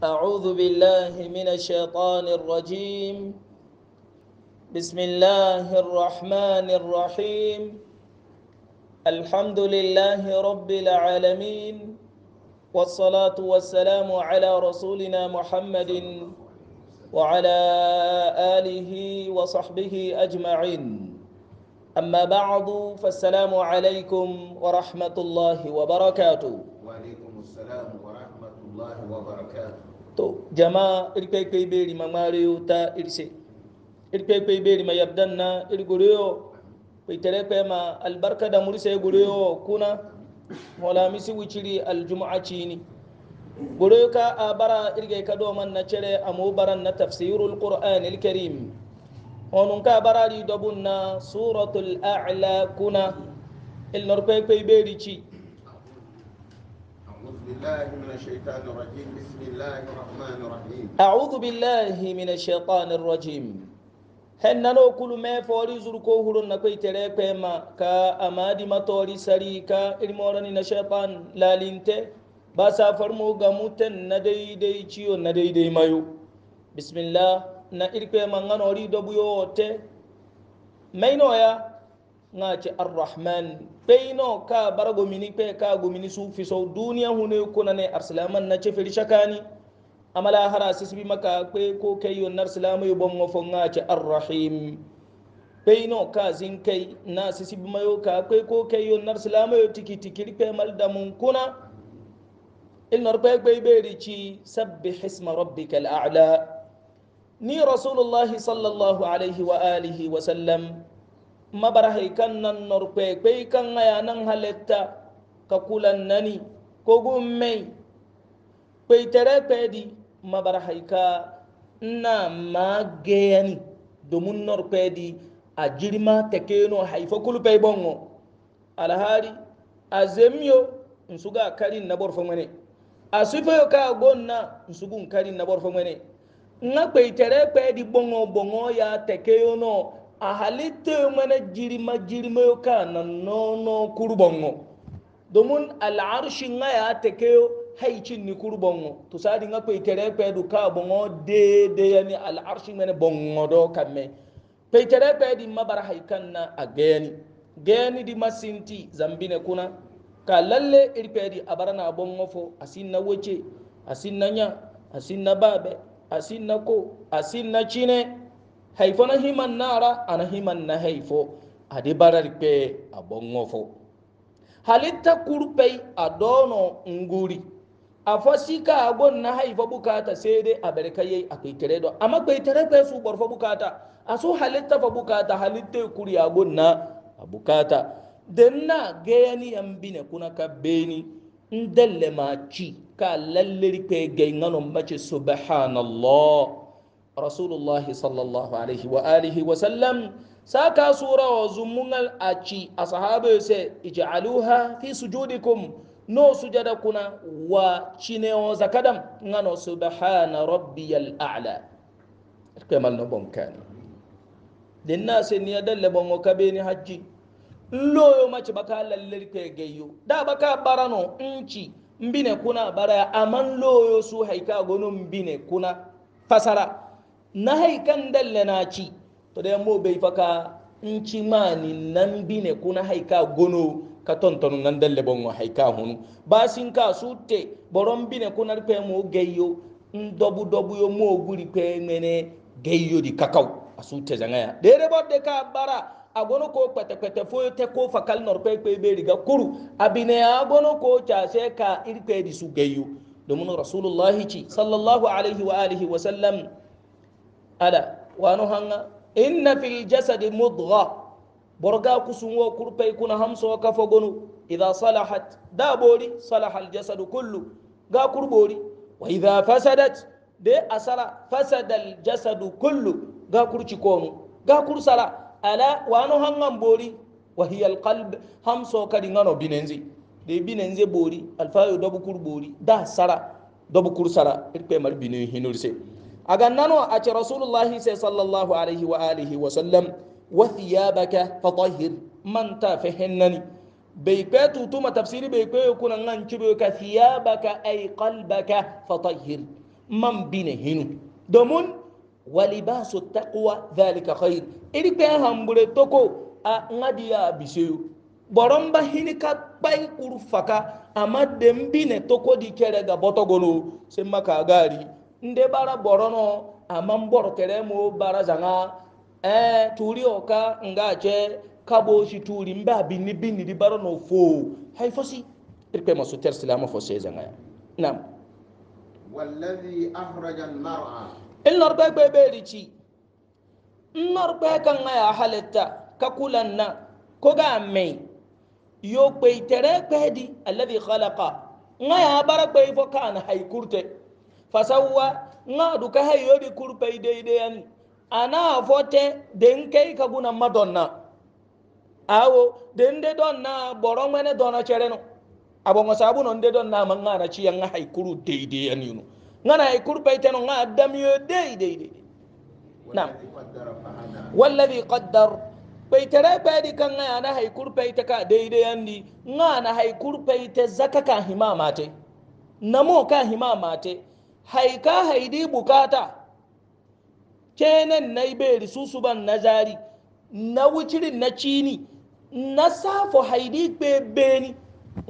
أعوذ بالله من الشيطان الرجيم بسم الله الرحمن الرحيم الحمد لله رب العالمين والصلاة والسلام على رسولنا محمد وعلى آله وصحبه أجمعين أما بعد فالسلام عليكم ورحمة الله وبركاته jama irkpekpe iberi ma ŋmareyo ta irise irkpekpe iberi ma yabdanna irgoreyo kpeiterekpe ma albarka damurise goreyo kuna holamisi wiciri aljum'a cini goreyo ka a bara irge ka doman na cere amo baran na tafsirul qur'an ilkarim honun ka barari dobun na suratul a'la kuna ilnorkpekpe iberi ci بالله من الشيطان الرجيم بسم الله الرحمن الرحيم أعوذ بالله من الشيطان الرجيم hennano kulu me foori zurko hurun na koy tere kwema ka amadi matori sari ka irmorani na shaytan lalinte ba sa farmo ga muten na daidai ciyo na daidai mayo bismillah na irkwema nganori dobuyo te mainoya ngaci arrahman peino ka barago mini pe ka go mini su fi so duniya hune ko nane arsilaman na ce feri shakani amala hara sisbi maka pe ko kai yon arsilama yo bon ngofo ngace arrahim peino ka zin kai na sisbi mayo ka pe ko kai yon arsilama yo tiki tiki pe mal da mun kuna il nor pe pe be ri ci sabbih isma rabbikal a'la ni rasulullahi sallallahu alaihi wa alihi wa sallam mabara haikan nan norpe kai kan aya nan halitta ka kulan nani ko gummai kai tare pedi mabara haika na magayani domin norpe di a jirma ta keno haifa kulpe bongo alhari a zemiyo in karin na borfa mane a sifayo ka gonna in sugun karin na borfa mane nga kai tare pedi bongo bongo ya ta keno a halittayo mana jirima jirimayo ka na nono kurbongo domin al'arshi nga ya tekeyo haicin ni kurbongo to sadi nga kwe kere kwe du ka bongo dede yani al'arshi mene bongo do kame pe kere kwe di mabara haikan na a geni geni di masinti zambine kuna ka lalle iri pe di abara na bongo fo asin na weche asin na nya asin na babe asin na ko asin na chine haifo na himan nara ana himan na haifo ade barar pe abon ngofo halitta kurpei adono nguri afasika agon na haifa bukata sai dai a barka yayi a kai tare da amma kai tare kai su barfa bukata a so halitta fa bukata halitta kuri agon na bukata denna geyani yambine kuna ka beni ndalle ma ci ka lalliri pe gay mace subhanallah رسول الله صلى الله عليه وآله وسلم ساكا سورة وزمونا الأشي أصحاب اجعلوها في سجودكم نو سجدكنا وشنو زكدم نو سبحان ربي الأعلى كمال نبون كان للناس نيادل بونو كبيني حجي لو يوم baka lallar للكي gayyo دا بكا barano انشي مبيني كنا bara امان لو يوسو haika غنو مبيني كنا fasara na haikan dalle na ci to da mo bai faka in ci mani nan bi ne kuna haika gono ka tontonu nan dalle bon wa haika hunu ba sin ka sutte boron bi ne kuna rufe mo gayyo in dobu dobu yo mo guri pe mene gayyo di kakau a sutte zangaya dere bodde ka bara agono ko kpɛtɛkpɛtɛ foyi tɛ ko fakali nɔrɔpɛ kpe bɛ riga kuru abinɛ agono ko case ka irikpɛ di su gɛyu domin rasulullahi ci sallallahu alaihi wa alihi wa sallam ألا وأنه إن في الجسد مضغة برغا كسوو كربا يكون همس وكفغنو إذا صلحت دا بولي صلح الجسد كله غا كربولي وإذا فسدت دي أسلا فسد الجسد كله غا كرشي كونو غا كرسلا ألا وأنو هنغم بولي وهي القلب همس وكري نانو بيننزي دي بيننزي بولي الفايو دبو كربولي دا سلا دبو كرسلا إرقى مال بيني هنورسي أغنانو أتي رسول الله صلى الله عليه وآله وسلم وثيابك فطهر من تفهنني بيكاتو توما تفسيري بيكو يكون نانشبك ثيابك أي قلبك فطهر من بينهن دمون ولباس التقوى ذلك خير إلي كان همبولي توكو أغاديا بسيو boron ba hini ka kpai kuru faka amma dembine toko di kere ga nde bara borono amma bor kere mo bara zanga eh turi oka nga je kabo shi turi mba binni binni di barono fo hay fosi irpe masu ter silama fo se zanga nam wallazi ahraja almar'a il norbe be be rici norbe kan ya halitta kakulan ko ga mai yo kpeitere kpeedi alladhi khalaqa ŋa ya bara kpei fo kan haikurte fasawa nga duka hay yodi kurpe ide ide yani ana fote den kai ka guna madonna awo den de donna boro mene donna chereno abongo sabu non de donna manga na ci yanga hay de ide yani no nga na hay kurpe teno nga damiyo de ide ide nam walladhi qaddar peitere pedi kan nga na hay kurpe ka de ide yandi nga na hay kurpe te zakaka himama namo ka himama haika haidi bukata kenan na iberi susuban na zari na wucirin na cini na safo haidi bebeni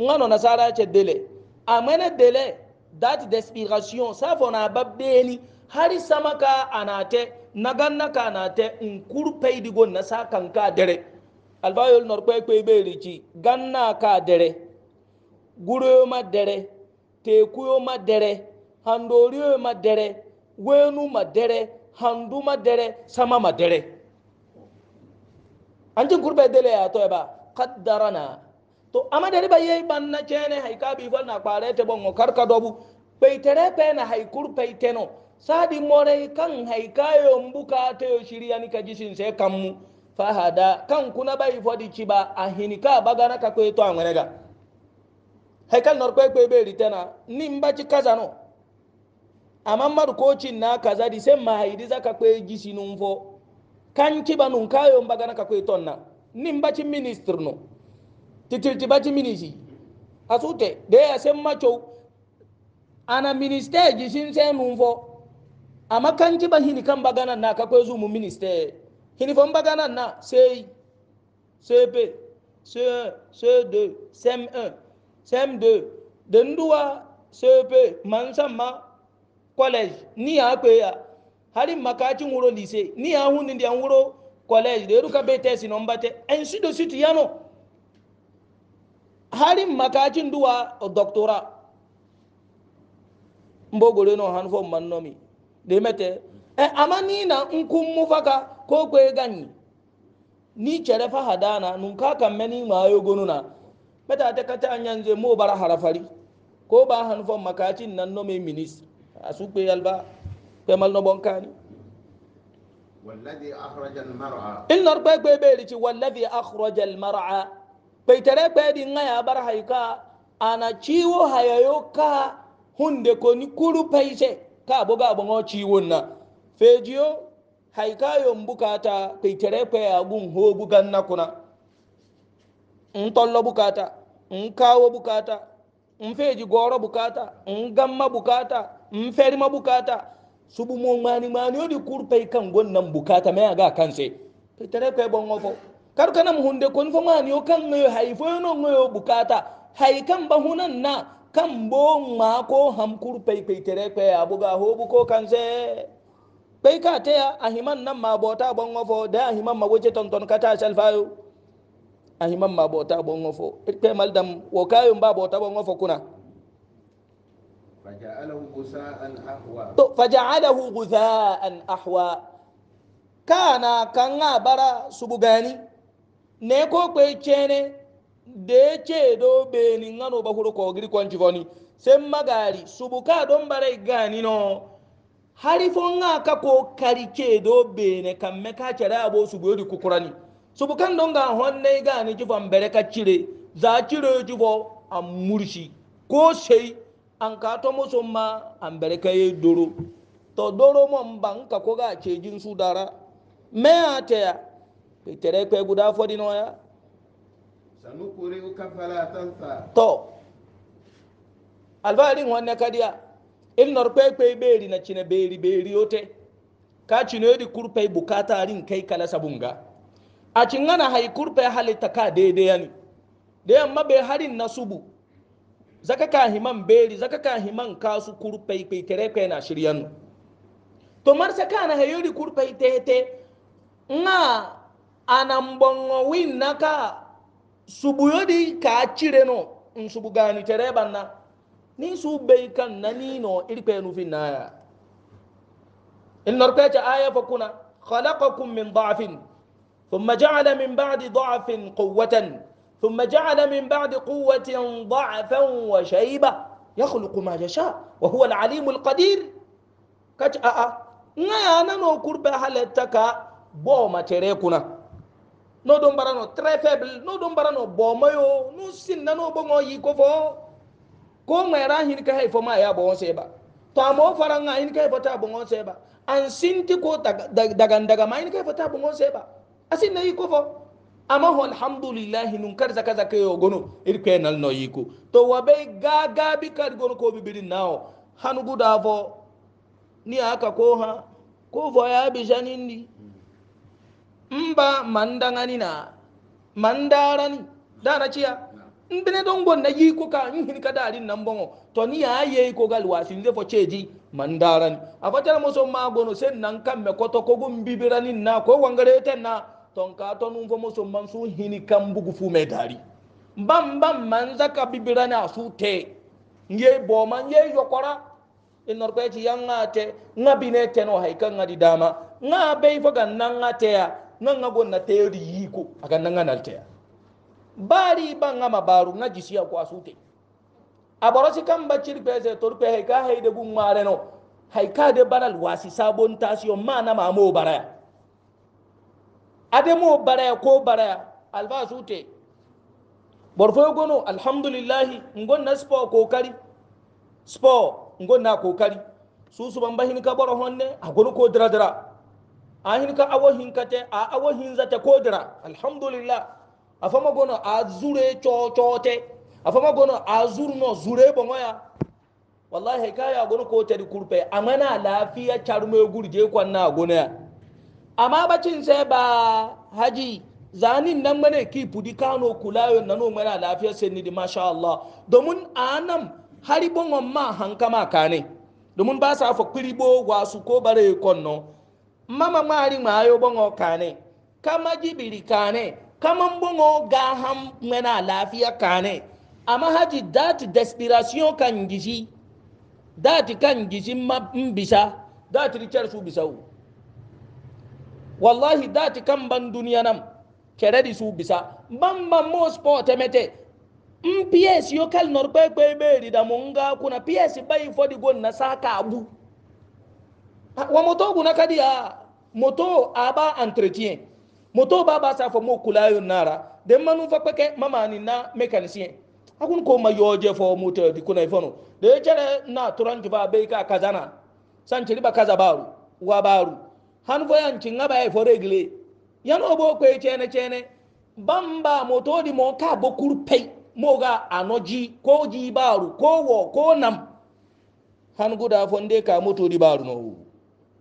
ngano nasara ce dele amene dele date d'expiration safo na babbeni hari samaka anate nagannaka anate nkuru peydigo nasa kanka dere albayol norkwekwe berici ganna ka dere guroma dere yoma dere handoriyo ma dere wenu ma dere handu ma dere sama ma dere anji gurbe dele ya to ba qaddarana to ama dere ba yei banna chene haika bi fal na kware te bon karka dobu peitere pe na haikur peiteno sadi more kan haikayo mbuka te yo shiriya ni kajisin se kammu fahada kan kuna bai fodi ciba ahinika bagana ka kweto anwenega haikal nor kwe kwe be ritena nimba ci kazano amma mar kocin na kaza di sai ma haidi zaka kwe gisi nun fo kan kiba nun kayo bagana ka kwe tonna nin bacin minister no titirti bacin minisi asute de ya sai macho ana minister gisin sai nun amma kan kiba hini kan bagana na ka kwe zumu minister hini fo bagana na sai CP CE ce de sem 1 eh, sem 2 danduwa CP man samma college ni ya kwe ya hari makaci wuro lise ni ya hunin da wuro college da ruka bai tesi non bate en su do situ yano hari makacin duwa doctora mbogore no hanfo mannomi de mete e amani na nku mu faka ko kwe ganyi ni cere fa hadana nun ka kan meni ma yo gonuna meta ta kata anyanze mo bara harafari ko ba hanfo makacin nan no me minister asugbe alba kpemal no bonkani والذي أخرج المرعى إن ربك بيبيرتي والذي أخرج المرعى بيترى بيدي نيا برهيكا أنا تشيو هيوكا هندكو نكولو بيسي كابوغا بونو تشيونا فيجيو هيكا يوم بكاتا بيترى بيا بون هو بوغان نكونا ntollo bukata nkawo bukata nfeji goro bukata ngamma bukata in feri ma bukata subu mo mani mani odi kurpe kan gonnan bukata me aga kanse to tere ko bon ofo kar kana mu hunde kon fo mani o kan ngoyo hay fo no ngoyo bukata hay kan ba hunan na kan bo ma ko ham kurpe pe tere ko abuga hobu ko kanse bai ka taya a ahiman nan ma bota bon wafo da a himan ma wuce tonton ka ta shalfayo a himan ma bota bon wafo ita mal dam wakayun ba bota bon wafo kuna to faja'alahu ghutha'an ahwa kana kanga bara subugani ne ko kwe chene de che do be ni ngano ba huru ko giri kwanci foni sai magari subuka don bare gani no hari fonga ka ko kari che do be ne kamme ka chere abo subuyodi kukurani subukan don ga honne gani jifan bere ka cire za cire jifo a murshi ko sai anka to muso ma an doro to doro mon ban ka ko ga ce su dara me ataya ke tere kwe guda fodi no ya sanukuri ukafala tansa to alfarin wanne kadiya ilnor kwe kwe beri na chine beri beri yote ka cine di kurpe bukata rin kai kala sabunga a cingana hai kurpe halitta ka daidai yani da yamma bai harin na subu zaka ka himan beri zaka ka himan kasu kurpai kai tere kai na shiryan to mar saka na hayuri kurpai tete nga anambongo win naka subuyodi ka chire no nsubu gani tere banna ni su bai kan na nino irpe nufin naya in narkace aya fa kuna khalaqakum min dha'fin thumma ja'ala min ba'di dha'fin quwwatan ثم جعل من بعد قوة ضعفا وشيبة يخلق ما يشاء وهو العليم القدير كتاء آه، آه. نيا نو كربا هل تكا بو ما تريكونا نو دون برانو تري فابل نو دون برانو بو ما يو نو سن نو بو يكو فو كو ما راهن كهي فما يا بو سيبا تو امو فران راهن كهي فتا بو سيبا ان سنتي كو دغان دغا ما ين كهي فتا بو سيبا اسين نيكو فو amma alhamdulillahi nun kar zaka zaka yo gono irke nal no yiko to wabe ga ga bi kar gono ko bi bidin nawo hanu guda vo ni aka ko ha ko vo ya bi janindi mba mandangani na mandarani dana ciya ndene don gon na yiko ka hin ka darin nan bongo to ni ya ye ko gal wasin ze fo ceji mandarani afatal mo so ma gono sen nan kamme ko to ko gum bibirani na ko wangare ten na ton ka ton un fomo so man su hini kan bugu fu mai dari bam bam man zaka bibira na su te ye bo man ye yokora in norko ci yanga te ngabi ne te no hay kan ngadi dama nga be fo gan nan ngate ya nan ngago na te ri yiko aga nan nganal te bari ban ngama baru ngaji siya ko asute aborosi kan bacir pese torpe hay ka hay bu mare no hay ka de banal wasi sabon tasio mana mamo baraya ademo baraya ko baraya alfa sute borfo gono alhamdulillahi ngon na spo kokari spo ngon na kokari su su ban bahin ka baro honne a gono ko dira dira a hin ka awo hin ka te a awo hin zata ko dira alhamdulillah Afama fama gono a zure cho cho te a gono a zurno zure bongoya wallahi kaya gono ko tari kurpe amana lafiya charme gurje kwanna gono ya amma bacin sai ba haji zanin nan mane ki pudi kano kulayo nanu mana lafiya sai ni di masha Allah domin anam hari bon ma ma kane domin ba sa fa kuribo wasu ko bare konno mama mari mayo bon o kane kama jibiri kane kaman bon o ga ham mana lafiya kane amma haji dat desperation kan gishi dat kan gishi mbisa dat richard su bisau wallahi dati kan ban duniya nam keredi su bisa bamba mo sport emete mps yo kal nor pe pe beri da munga kuna ps bai fodi gon na saka abu wa moto guna kadi ya moto aba entretien moto ba ba sa fo mo kulayo nara de manu fa pe mama ni na mécanicien akun ko ma yoje fo moto di kuna ifono de jere na turanji ba be ka kazana san ba kaza baru wa baru han voyan cinga ba fo regle yano bo ko chene chene bamba motodi mo ka bo kurpei moga anoji ko ji baru ko wo ko nam han guda fonde ka motodi baru no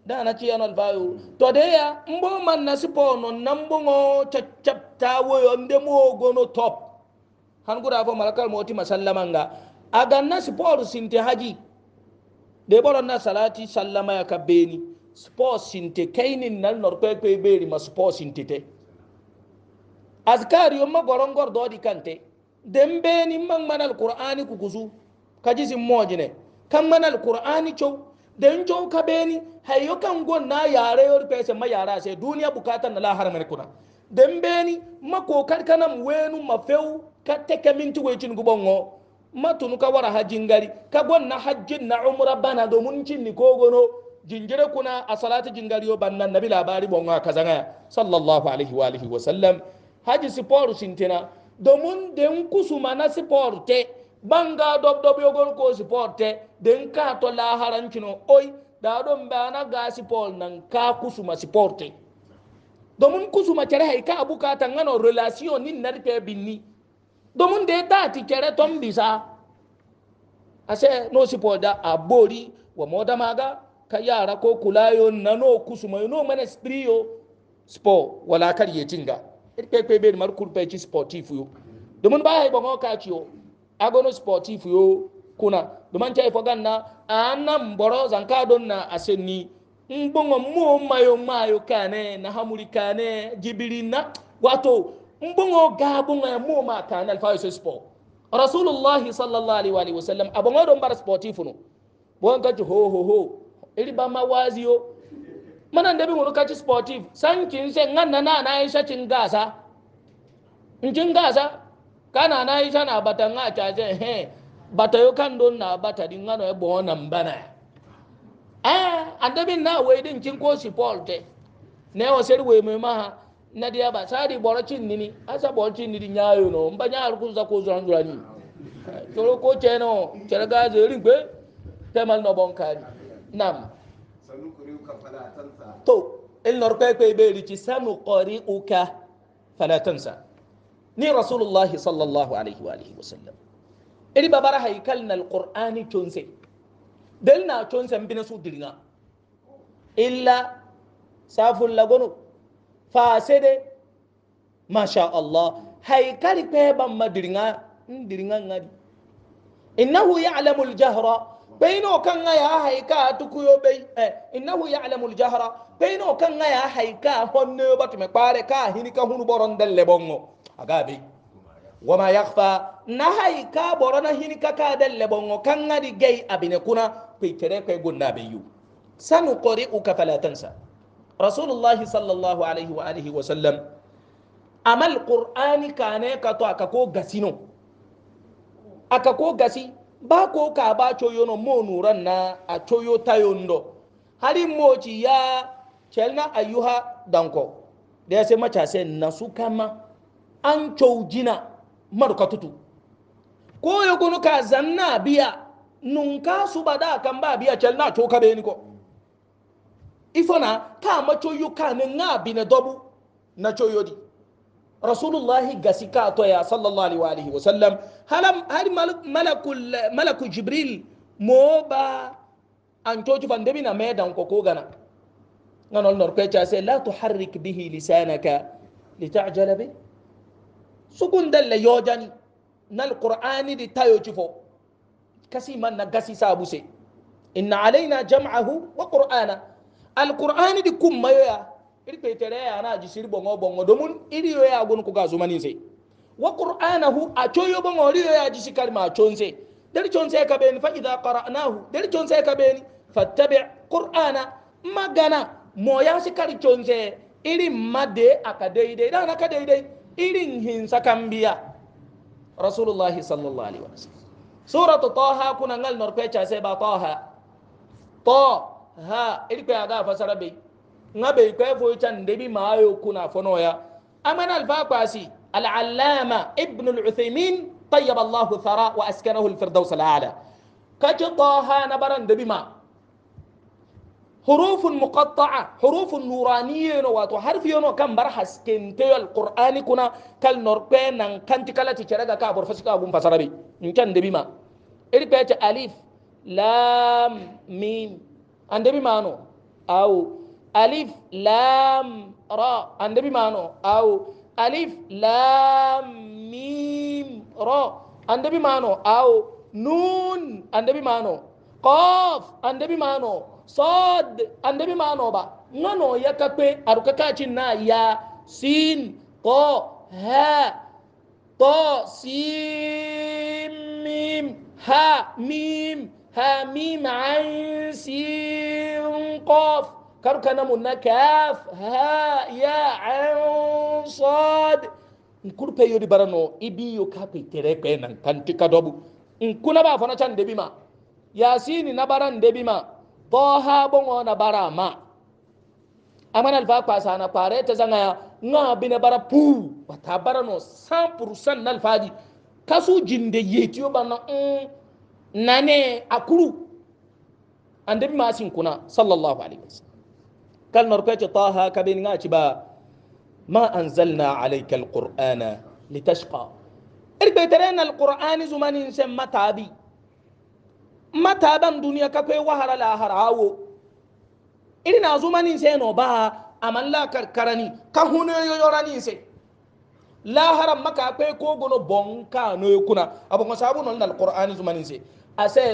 da na ci yanol bayo to de ya mbo man na sipo no nambo ngo chachapta wo yonde mo gono top han guda fo malakal moti masallamanga aga na sipo sinti haji de boron na salati sallama ya kabeni sports inte kainin nal nor kwe kwe beri ma sports inte te azkari yomma gorongor do di kante dembe ni man man alqur'ani ku kuzu kaji sim mojine kan man alqur'ani chow den chow ka beni hayo kan gon na yare yor pese ma yara se duniya bukatan na lahar mar kuna dembe ni ma kokar kanam wenu mafeu ka teke minti wecin gubongo matunu ka wara hajin gari ka gon na hajjin na umra bana domun cin kogono jingire kuna a salati jingariyo bannan nabi labari bonga kazanga sallallahu alaihi wa alihi wa sallam haji siporu sintena domin den kusuma na siporte banga dob dob yogon ko siporte den ka to laharan kino oi da don bana ga sipol nan ka kusuma siporte domin kusuma kere hay ka abuka tangano relation nin narke binni domin da ta kere tom ase no sipol da abori wa modamaga ka yara ko kulayo na no kusuma no mana sprio sport wala kar ye tinga irpe pe be mar kurpe ci sportif yo domin ba hay bongo ka ciyo agono sportif yo kuna domin cai fo ganna anna mboro zanka don na asenni mbongo mo mayo mayo kane na hamuri kane Jibilina wato mbongo gabongo ya mo ma kane alfa yo sport rasulullahi sallallahu alaihi wa sallam abongo don bar sportif no bon ka ho ho ho iri ba ma waziyo manan da bi wani kaci sportive san kin se ngan na na na isha cin gasa in cin gasa kana na isha na bata nga chaje he bata yo kan don na bata din ngano e bo nan bana eh andabi na we din cin ko sipolte ne wa seri we me ma na dia ba sari boro cin nini asa boro cin nini nyayo no mba nyaru kun za ko zuran zurani toro ko cheno cheraga zerin gbe temal no bonkani nam to ilnor kwekwe iberi ci sanu qori uka fala tansa ni rasulullahi sallallahu alaihi wa alihi wasallam iri babara haikal na alqur'ani chonse del na chonse mbina su diringa illa safun lagono fasede masha allah haikali kwe ban madiringa ndiringa ngadi innahu ya'lamu jahra بينو كان يا هيكا تكويو بي انه يعلم الجهر بينو كان يا هيكا هن بات باري كا هني كا بورون دل بونغو اغابي وما يخفى نهايكا بورونا هني كا دل بونغو كان دي جاي ابين كنا بيتري كاي غنا بيو سنقرئك فلا تنسى رسول الله صلى الله عليه واله وسلم اما القران كانك تو اكو غسينو اكو غسي ba ka ba choyo no mo nuran na a choyo tayo do hali mochi ya celna ayuha danko da ya sai macase na su kama an cojina marka tutu ko ya kunu ka zanna biya nunka su bada kan ba biya celna to ka ni ko ifona ka choyo ka ne nga bi na dobu na choyo di رسول الله جسكاتو يا صلى الله عليه وآله وسلم هل هل ملك ملك جبريل موبا أن توجو فندمينا ميدان كوكوغانا نقول نركيتش أسأل لا تحرك به لسانك لتعجل به سكون دل يوجاني نال القرآن دي تايو تشوفو كسي من نغسي سابوسي إن علينا جمعه وقرآنا القرآن دي كم مايويا irpe tere ana jisir bongo bongo domun iriyo ya gon ko gazu maninse wa qur'anahu a choyo bongo iriyo ya jisi kalma chonse der chonse ka ben fa idha qara'nahu der chonse ka ben fattabi' qur'ana magana moya si kari chonse iri made akadeide da na kadeide irin hinsa kambiya rasulullah sallallahu alaihi wasallam suratu taha kuna ngal norpecha seba taha ta ha iri pe aga fasara bai nga bai kai fo can da bi ma ayo kuna fono ya amana al alfa al allama ibn al-uthaymin tayyib allah thara wa askanahu al-firdaus al-ala kace taha na baran da bi ma حروف مقطعة حروف نورانية واتو حرف يونو كم برحس كنتي القرآن كنا كل نوركين نان كنت كلا تشرقا كابور فسكا أبو فسربي إن كان دبي ما دبيما بيت ألف لام ميم أن دبيما أنو أو alif lam ra ande bi mano au alif lam mim ra ande bi mano au nun ande bi mano qaf ande bi mano sad ande bi mano ba ngano yakape aruka kachi na ya sin ko ha to sin mim ha mim ha mim ain sin qaf karka na mun na kaf ha ya an sad nkurpe yodi barano ibi yo ka pe tere pe nan kanti kadobu nkuna ba fana can debi ma yasini na baran debi ma toha bongo na bara ma amana alfa kwasa na pare ta zanga ya nga bine bara pu wata barano 100% na alfaji kasu jinde yetiyo bana mm, nane akuru andebi ma sin kuna sallallahu alaihi wasallam كان مركات طه كبين ناتبا ما أنزلنا عليك القرآن لتشقى البيترين القرآن زمان إنسان متابي متابا دنيا كاكوي وهر لا هراو إلنا زمان إنسان وبا أمن لا كرني كهون يوراني إنسان لا هرم مكاكوي كوغونو بونكا نو يكونا أبو مصابون القرآن زمان إنسان أسي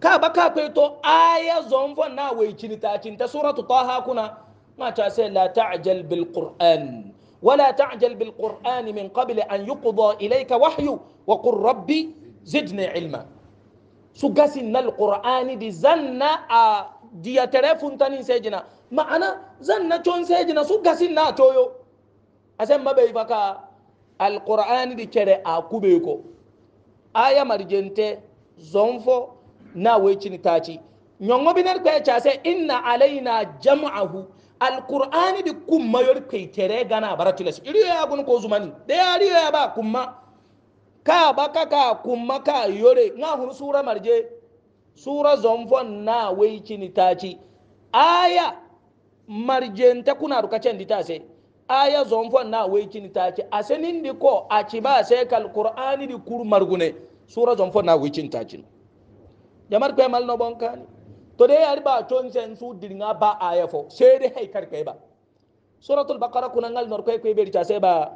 kaba ka kai to aya zonfo na we chinita chinta suratu taha kuna ma ta sai la ta'jal bil qur'an ولا تعجل بالقرآن من قبل أن يقضى إليك وحيه وقل ربي زدني علما سجسنا القرآن دي زنا دي تلفون تاني سجنا ما أنا زنا تون سجنا سجسنا تويو أسمى بيفكا القرآن دي كره أكوبيكو آية مرجنتي زنفو na wai cini taci nyongo binar kwe cha se inna alaina jam'ahu alqur'ani di kumma yor kwe tere gana baratules iri ya gun ko zumani de ari ya ba kumma ka ba ka ka kumma ka yore nga hun sura marje sura zonfon na wai cini taci aya marjenta kuna ruka can dita se aya zonfon na wai cini taci asenin di ko a ci ba se kal qur'ani di kur margune sura zonfon na wai cini taci jamar kwe mal no bon kani to de yar ba ton sen su dirnga ba aya fo sede hay kar kay ba suratul baqara kunangal nor kwe kwe beri chase ba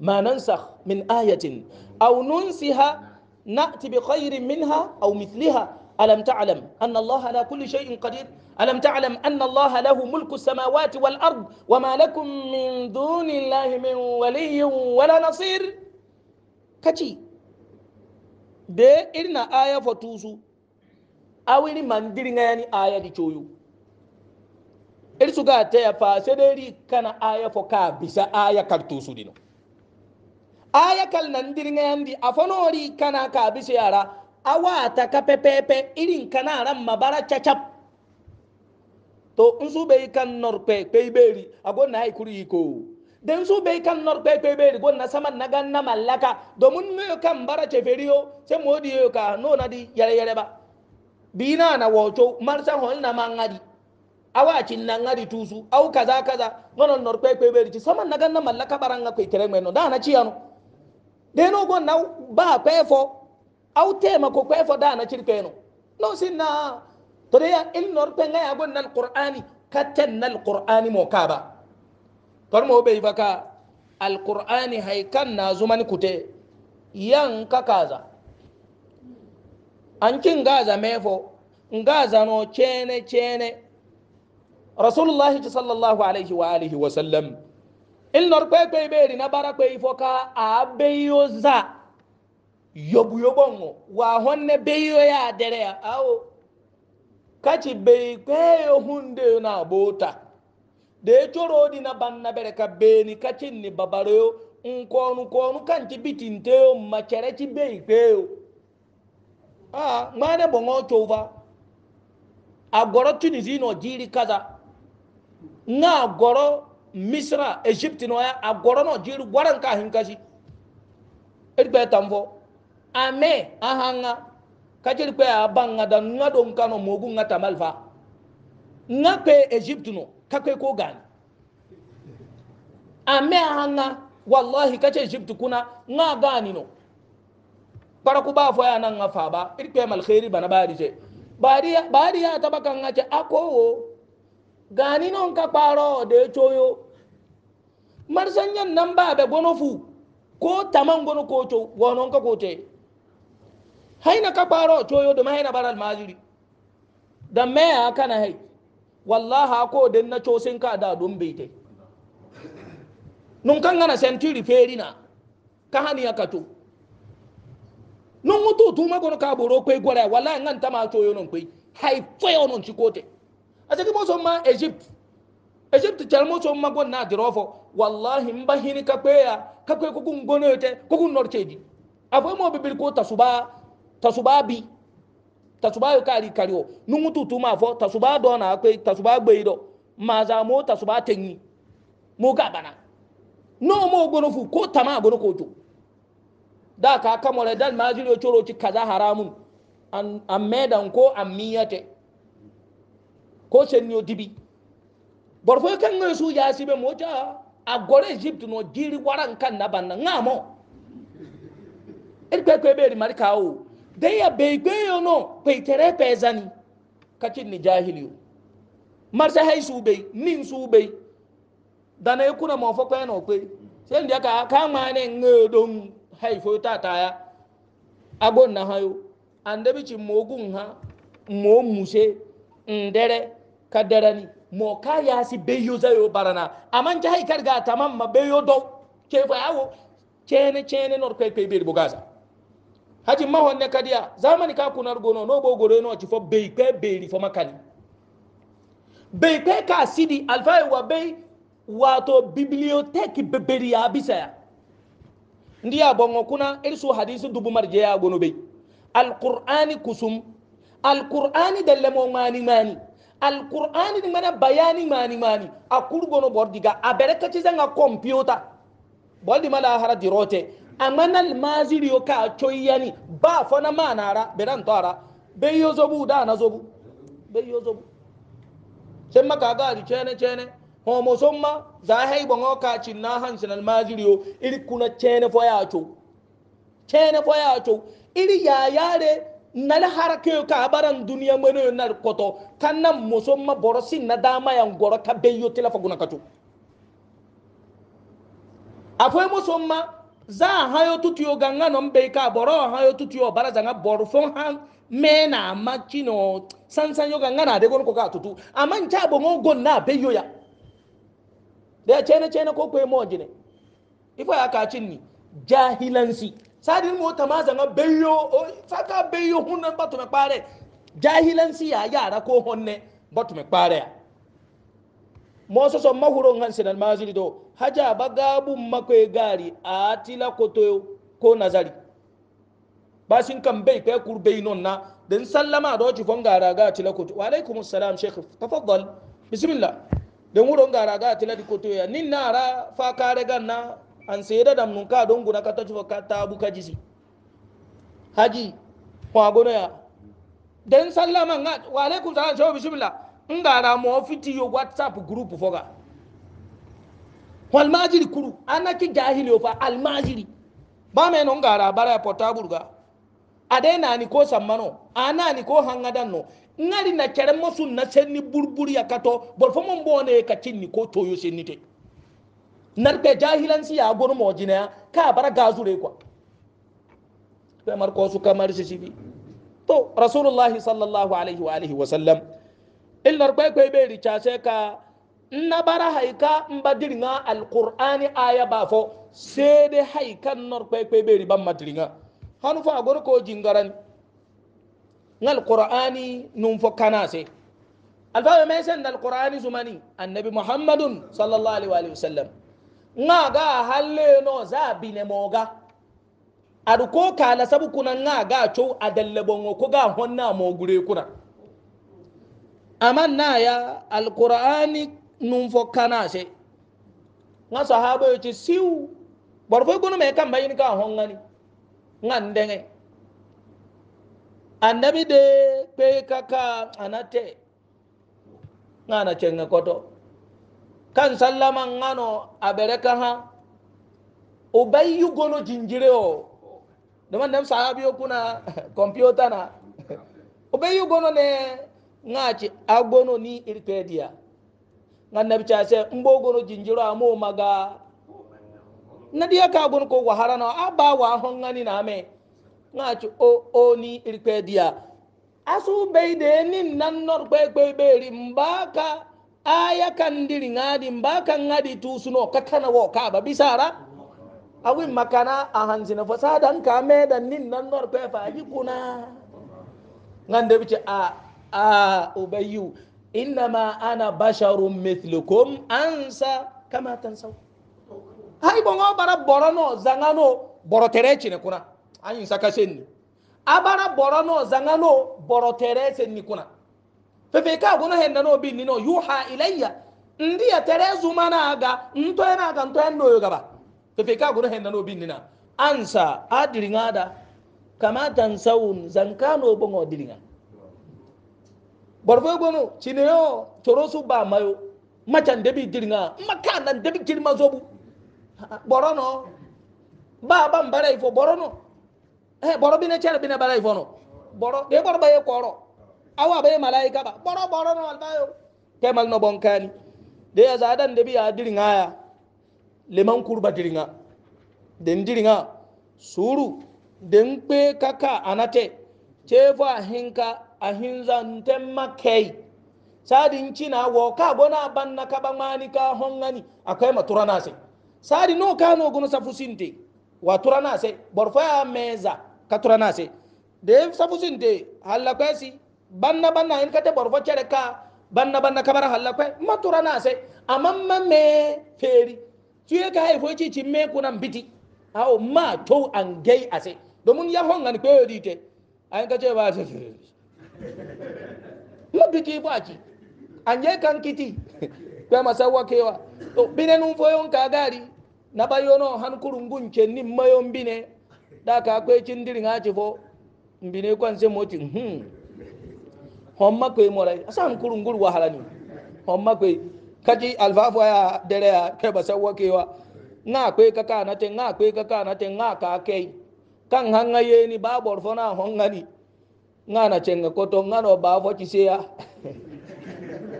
ma nansakh min ayatin aw nunsiha na'ti bi khairin minha aw mithliha alam ta'lam anna allah ala kulli shay'in qadir ألم تعلم أن الله له ملك السماوات والأرض وما لكم من دون الله من ولي ولا نصير كتي دي إرنا آية فتوسو awiri mandiri nga yani aya di choyo eri suga te ya fa kana aya fo ka bisa aya kartu su dino aya kal nandiri nga yandi afanori kana ka bisa yara awa ta ka pepepe irin kana ran mabara chachap to in su kan norpe peiberi agon na ikuri ko den su bai kan nor pe pe beri gonna saman na ganna mallaka domin ne kan bara ceferiyo sai modi yo ka no na di yare yare ba bina na woto marsa hol na mangadi awa cin na ngadi tusu au kaza kaza ngonon nor kwe kwe beri ci saman nagan na mallaka baranga kwe tere meno da na ciyano de no gon na ba kwe fo au tema ko kwe fo da na ciri keno no sinna to de ya il nor kwe ngaya gon nan qur'ani katen nan qur'ani mo kaba tor mo be baka alqur'ani haykan na zumani kute yan ka kaza anki ngaza mefo ngaza no chene chene rasulullah sallallahu alaihi wa alihi wa sallam il nor kwe kwe beri na bara kwe ifoka abeyo za yobu yobongo wa honne beyo ya dere awo kaci bei kweyo hunde na bota de choro di na banna bere ka beni kacin ni babareyo nkonu konu kanci bitinteyo macere ci bei kweyo a ah, mane bongo chova a goro tunisi no jiri kaza na goro misra egypt no ya a goro no jiri gwaran ka hinkashi irbe tambo ame ahanga kajiri kwe abanga da ngado nkano mogu ngata malfa ngakwe egypt no kakwe ko gani ame ahanga wallahi kace egypt kuna nga gani no kwara ku ba fo ya nan afa ba irpe mal khairi bana ba dije bariya bariya ta bakan ngace akowo gani non ka paro de choyo marsanyan nan ba be gonofu ko taman gono ko to gonon ka ko te haina ka paro choyo do haina baral majiri da me aka na hai wallahi ko den na chosin ka da don beite nun kan ngana sentiri ferina ka hani aka non woto tuma gono ka boro kwe gwara wallahi ngan tama to yonon kwe hay fo yonon chikote asake mo so ma egypt egypt chalmo so ma gon na dirofo wallahi mba hini ka kwe ya ka kwe ko kun gono yote ko kun norcheji afo mo bibil ko tasuba tasuba bi tasuba yo kari kari o non woto tuma fo tasuba do na kwe tasuba gbe do ma za mo tasuba tenyi mo ga bana no mo gono fu ko tama gono ko to da ka kamar dal majiro coro ci kaza haramun an medan ko an miyate ko senyo dibi borfo kan su ya sibe mota a gore egypt no jiri waran kan na banna ngamo irpe kwe ebe ri marka o de ya be gbe yo no pe tere pe zani kacin ni jahiliyo marsa hay su be nin su be dana kuna mo fo pe no pe sen dia ka ka ma ne ngodon haifo ta taya abon na hayo an da bici mogun ha mo muse ndere ka darani mo ka ya si beyo zayo barana aman jahai karga tamam ma beyo do ke fa yawo chene chene nor kwe kwe bir bugaza haji mahon ne kadiya zamani ka kunar gono no bo gore no ci fo bey kwe beri fo makani bey kwe ka sidi alfa wa bey wato bibliothèque beberiya bisaya ndiya bongo kuna elsu hadisi dubu marje ya gono bai alqur'ani kusum alqur'ani dalle mo mani mani alqur'ani ni mana bayani mani mani akur gono bordiga abereka cizanga computer boldi mala hara dirote amana almaziri yo ka choyani ba fona manara beran tara be yozobu da na zobu be yozobu sai maka ga chene chene homo somma za hay bongo ka cinna hansin almajiri iri kuna chene fo ya cho chene fo ya cho iri ya yare nal harake ka baran duniya mano nar koto kanna musomma borosi na dama yan goro ka beyo tilafa guna kacho afoy musomma za hayo tutiyo ganga non be ka boro hayo tutiyo zanga nga fon han mena machino san yo ganga na de gon ko ka tutu aman cha bongo gon na beyo ya da chena chena ko ko mo jine ifo ya ka ni jahilansi sadin mo ta maza ga beyo o saka beyo hunan batu me pare jahilansi ya yara ko honne batu me pare mo so so mahuro ngan sinan mazili do haja bagabu makwe gari atila koto ko nazari basin kan bai kai kurbai non na dan sallama da wace fon ga atila koto wa alaikumus salam sheikh tafaddal bismillah don wurin gara ga tila di koto ya nin na ara fa kare na an sai da damnun ka don guna ka tafi ka ta buka jisi haji kwa gono ya dan sallama nga wa alaikum salam shawo bismillah ngara mo fiti yo whatsapp group foga wal majiri kuru anaki jahili fa al majiri ba me no ngara bara portable ga ade na ni ko sammano ana ni ko hangadan no ngari na kere mosu na seni burburi ya kato bolfo mo mon bone ka cinni ko toyo seni te nar be jahilan si ya gonu mo jina ka bara gazure kwa to mar ko su kamar shi sibi to rasulullah sallallahu alaihi wa alihi wa sallam illa ko ko be ri cha se ka na bara haika mbadiringa alqur'ani aya ba fo sede haikan nor ko ko be ri ban madiringa hanu fa gor ko jingaran ngal qur'ani num fo kanase alfaɓe men sen dal qur'ani sumani annabi muhammadun sallllahu alayhi walihi wa sallam ngaga halleno za bine moga aɗa ko kala sabu kuna ngaga cow a dalle bongo ko ga honna mogure kuna aman naya alqur'ani num fo kanase nga sahabayo ci siw bor foy me kam bayini ka hongani nga ndenge annabi de pe kaka anate ngana cenga koto kan sallama ngano abere kaha ubayyu gono jinjire o doman dem sahabi o kuna computer na ubayyu gono ne ngaci agono ni irkedia ngannabi ca se mbo gono jinjiro amo maga nadiya ka agono ko waharano aba wa hongani na me ŋaci o o ni irikpe asu bai ni nan nor kwe kwe beri mbaka aya kan diri ngadi mbaka ngadi tu suno kakana wo ka bisara awi makana a hanzina fasadan ka me da nin nan nor kwe fa ji kuna ngande bice a a ubayyu innama ana basharun mithlukum ansa kama tansaw hay bongo bara borono zangano borotere cine kuna ayin saka senni abara boro no zangano boro tere senni kuna fefe ka gono henda no binni no yuha ilayya ndi ya tere zuma na aga nto na aga nto endo yo gaba fefe ka gono no na ansa adiringa da kama tansawun zankano ba zobu eh boro bine chere bine balai fono boro de boro baye koro awa baye malaika ba boro boro no albayo temal no bonkani de ya zadan de biya diringa ya leman kurba diringa den diringa suru den pe kaka anate chefo ahinka ahinza ntemma kei sadin china wo ka gona banna kaba mani ka hongani akai maturana sai sadi no kano gono safu sinte waturana sai borfa meza katura na se de safu sinte halla kwe si banna banna in kate borfo cere ka banna banna kabara halla kwe matura na se amma ma me feri tuye ka haifo ci ci me kuna biti awo ma to an gai ase domin ya hon an kwe di te an kace ba se ma biti ba ci an je kan kiti kwe masawa kewa to bine nun foyon kagari, gari na bayono han kurungun cenni mayon bine da ka kwe cindiri nga chifo mbine kwa nse moti hmm homma kwe morai asa nkuru nguru wa halani homma kwe kaji alfafo ya dere ya keba sawa kewa nga kwe kaka na te nga kwe kaka na te nga ka kei kan hanga ye ni ba borfo na honga ni nga na chenga koto nga no ba fo chiseya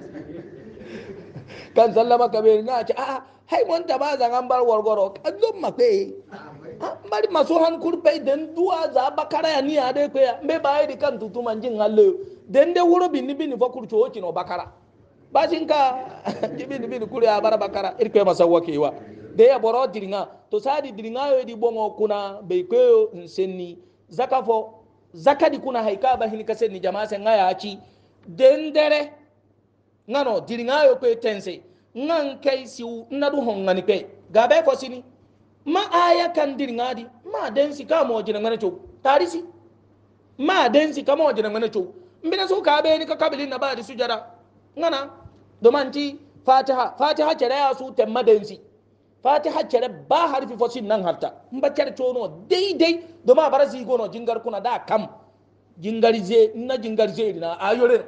kan sallama kabe nga cha ah hai mon ta ba zangan bar wargoro kan zo makwe bari maso han kurpe den duwa za bakara ya ni ade ko ya mbe ba iri kan tutu manjin halle den de woro binni binni fa kurcho ochi no bakara bashin ka jibini bini kuri abara bakara iri ko masawa ke wa de ya boro diringa to sadi diringa yo di bongo kuna be ko nsenni zakafo zakadi kuna haika ba hin kasenni jama'a sen ngaya achi den dere ngano diringa yo ko tense ngan kai si nadu hongani pe gabe ko sini ma aya kandir ngadi ma densi kama wajina ngana chow tarisi ma densi kama wajina ngana chow mbina so ka be ni ka kabili na ba di sujara, ngana domanti fatiha fatiha chere ya su temma densi fatiha chere ba harfi fosin nan harta mba chere chono daidai doma barazi gono jingar kuna da kam jingar je na jingar je na ayore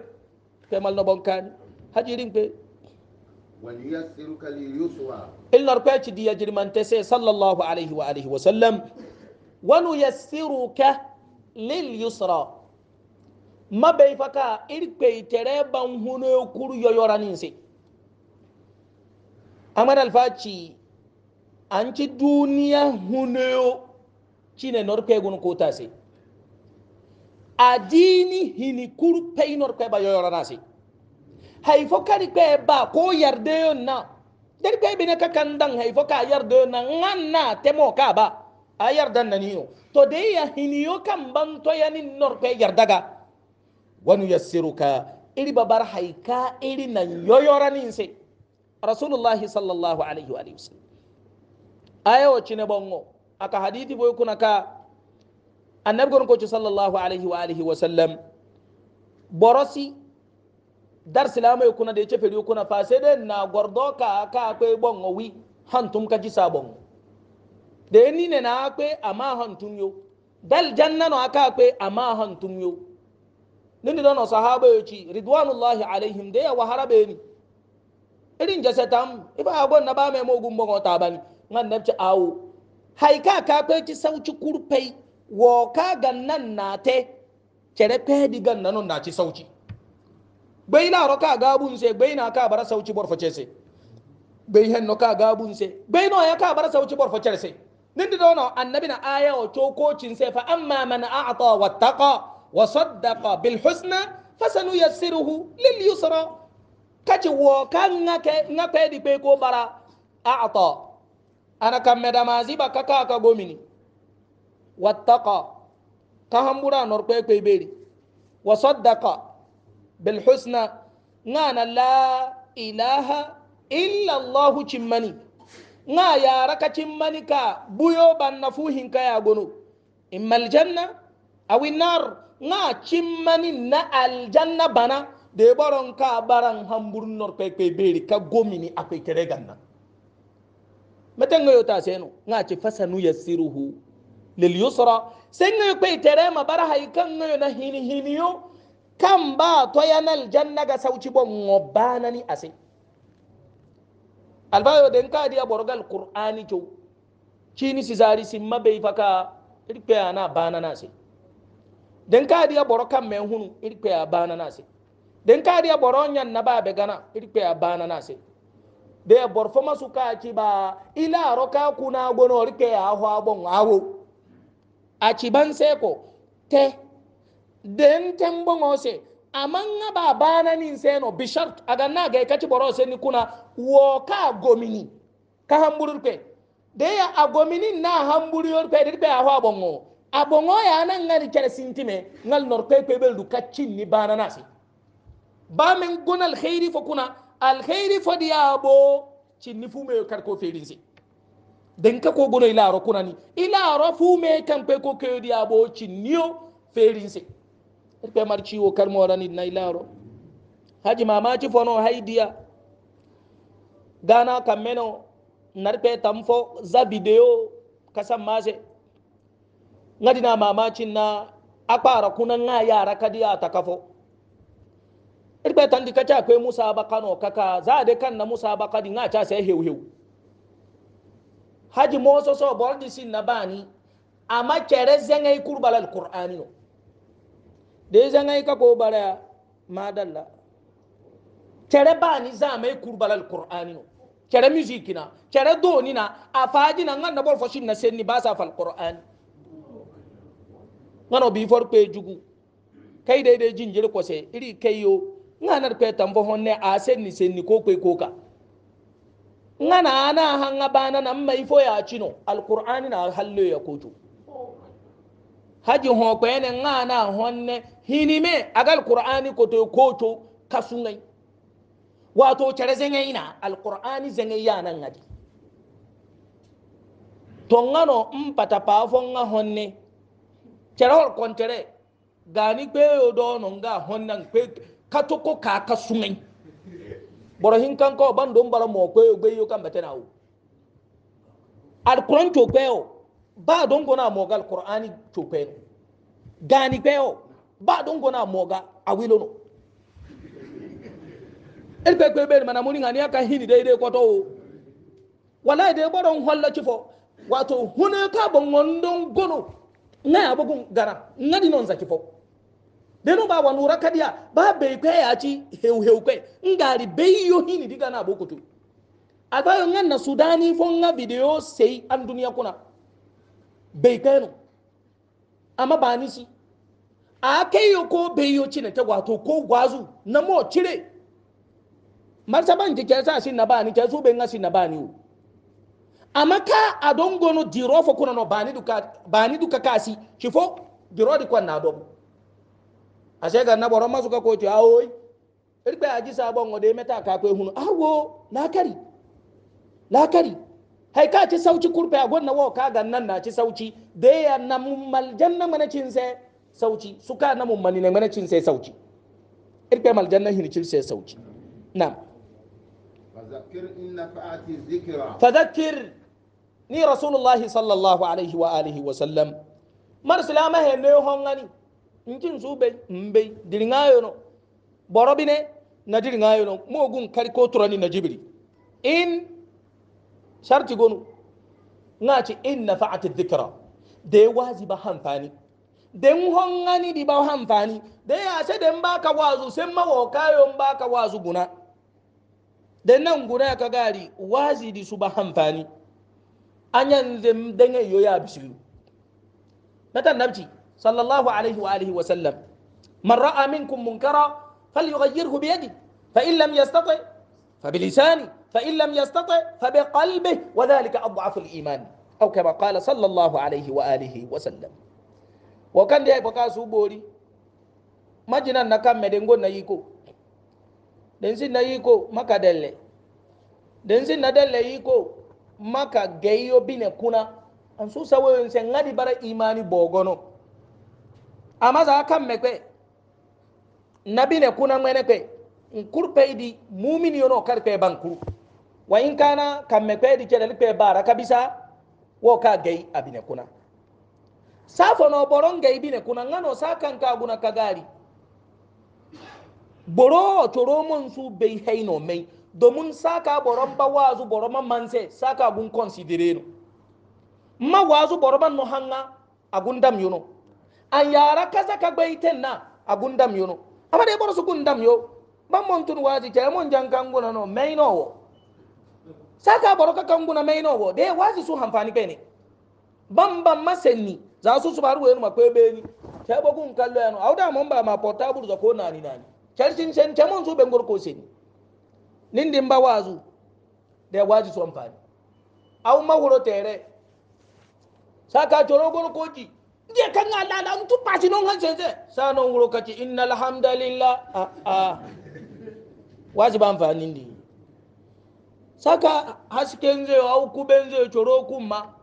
kai no bonkani hajirin pe ونيسرك لليسرى إلا ربيت دي يجري من تسي صلى الله عليه وآله وسلم ونيسرك لليسرى ما بيفكا إركي تريبا هنا يكور يورانينسي أمان الفاتشي أنت دنيا هنا شين نركي كوتاسي أديني هني هنكور بينور كيبا يوراناسي haifo kari kwe ba ko yarda yon na dari kwe bine ka kandang haifo ka yarda yon na ngan na temo ka ba a yarda na niyo to de ya hiniyo kan ban to ya ni nor kwe yarda ga wani yassiru ka iri babar haika iri na yoyora ni se rasulullahi sallallahu alaihi wa sallam aya wacce ne aka hadithi boy kuna ka annabi gon sallallahu alaihi wa alihi wa sallam borosi dar silama yi kuna da ya ce feri kuna fa sai dai na gwardo ka ka akwai bon owi hantum ka ji sabon da ya nine na akwai amma hantum yo dal janna no akwe akwai amma hantum yo nini don sahaba yo ci ridwanullahi alaihim da ya wahara be ni irin e jasatam iba e agon na ba mai mogun bon ta bani ngan nabci awo haika ka akwai ci sauci kurpai wo ka gannan na te cere pe di gannan na ci sauci bai na roka gabun se bai na ka bara sauci borfo cese bai hen no ka gabun se bai no ya ka bara sauci borfo cese nindi dono annabi na aya o cokocin se fa amma man a'ta wattaqa wa saddaqa bil husna fasanuyassiruhu lil yusra kaci wo kan ŋa kpedi kpe ko bara a'ta ana kamme damaziba kaka ka gomini wattaqa ka hambura nor kpe kpe beri wa saddaqa bilhusna ngana la ilaha illa allahu cimmani nga yara ka cimmani ka buyo banna fu hinka ya gono imma aljanna awi nar nga cimmani na aljanna bana de boron ka baran hambur nor pe pe beri ka gomini ape kere ganna meten ga yota seno nga ci fasanu yasiruhu lil yusra sen ga pe tere ma bara hay kan na hini hiniyo kan ba toyanal janna ga sauci bon ngo bana ni ase albayo den ka dia borgal qur'ani to chini sizari simma be ifaka ripe ana bana na se den ka dia boro kan men hunu ripe ya bana na se den ka dia boro nyan na ba be gana ripe ya bana na se de bor foma suka ci ba ila roka kuna gono ripe ya ho abon awo a ci ban se ko te den tembongo se amanga ba bana ni seno bishart aga na ga kaci boro se ni kuna wo ka gomini ka hamburu pe de ya agomini na hamburu yor pe de pe ahwa bongo abongo ya nan ngari kere sintime ngal nor pe pe bel du ni bana nasi ba men gonal khairi fo kuna al khairi fo diabo cinni fume kar ko ferin se den ka ko gono ilaro kuna ni ilaro fume kan pe ko ke diabo cinniyo ferin se irpe mar ciwo kar morani na ilaro haji mamaci fono haidiya gana kammeno narpe tamfo za bidiyo kasan mase ngadi na mamacin na akpara kuna nga yara kadiya takafo irpe tandi kaca akwai musa bakano kaka za de kan na musa bakadi nga ca sai hew hew haji moso so bordi sin na bani amma kere zengai kurbalal qur'ani de zangai ka ko bara madalla tere ba ni za mai kurbal alqur'ani no tere music na tere doni na afaji na ngan na bol foshin na senni ba sa fal qur'an ngano bi for pe jugu kai dai dai jinjir ko se iri kai yo ngana pe tambo honne a senni senni ko pe ko ka ngana ana hanga bana na mai fo ya chino alqur'ani na hallo ya kojo haji ho ko ene ngana honne hinime agal qur'ani ko to ko to kasungai wato care zengai ina alqur'ani zengai yana ngadi to ngano mpata pafo nga honne care hol kontere gani pe odo no nga honnan pe katoko ka kasungai boro hinkan ko bandon bara mo ko gbe yo kan betena o alqur'an to pe ba don gona moga alqur'ani chopeno gani beo ba don gona moga awilono el be be be mana muri ngani aka hini dai dai kwato wallahi dai boron holla chifo wato hune ka bongon don gono na ya abugun gara ngadi non zakifo denu ba wa nura kadiya ba bai kwe ya ci heu heu kwe ngari bai yo hini diga na bokutu abayo ngan na sudani fo nga video sei an duniya kuna bai kano amma ba ni si a kai yo ko bai yo cina ta wato ko gwazu na mo cire martaban ji kesa sin na bani kesu bai ngasi na bani o amma ka a don gono diro fo kuna no bani duka bani duka kasi shi fo diro di kwan na do a sai ga na boro masu ka ko ti awoy irbe aji sabon o meta ka hunu awo na kari na kari hay ka ci sauci kurfe a gonna wo ka ga nan na ci sauci da ya na mummal janna mana cin sai sauci suka na mummani ne mana cin sai sauci irfe mal janna hin cin sai sauci na'am fadhakkir in nafa'ati dhikra fadhakkir ni rasulullahi sallallahu alaihi wa alihi wa sallam mar salama he ne hongani su be mbe diringayo no borobine na diringayo no mogun kari ko turani na jibri in sharti gonu na ce in na fa'ati dhikra da ya wazi ba hamfani da hon ngani di ba hamfani da ya ce da ba ka wazu sai mawo kayo ba ka wazu guna da nan guna ka gari wazi di su ba hamfani anyan zem denge yo ya bisiru matan nabci sallallahu alaihi wa alihi wa sallam man ra'a minkum munkara falyughayyirhu bi yadi fa in lam فإن لم يستطع فبقلبه وذلك أضعف الإيمان أو كما قال صلى الله عليه وآله وسلم وكان دي بقى سوبوري ما جنا نكام مدنغو نيكو دنسي نيكو ما دلي دنسي ندلي يكو ما كجيو بين كنا أنسو سوى ينسي ngadi bara imani bogono amaza akam mekwe nabine kuna mwene kwe nkurpe idi mumini yono karpe bankuru wa in kana kamme kwe di kele kwe bara kabisa wo ka gei abine kuna safo no boron gei bine kuna ngano sakan ka guna kagari boro toro mun su bai haino mai domin saka boron ba wazu boron manse saka gun considere no ma wazu boron no hanga agundam yuno an yara kaza ka baiten na agundam yuno amma dai boron su gundam yo ban mon tun waji ke mon jankan guna no mai no saka baro ka kanguna mai no de wasi su hamfani kai ne bamban masanni za su su baru wani makwai beni ta bugun kallo yano auda mun ba ma portable za ko nani nani charcin sen chamun su bengur ko sen nin din ba wazu de wasi su hamfani au mahuro tere saka choro gol koji je kan Allah da mutu pasi non han sense sanon wuro kace innal hamdalillah a ah, a ah. wasi ba amfani din saka hasken zai au kuben zai coro kuma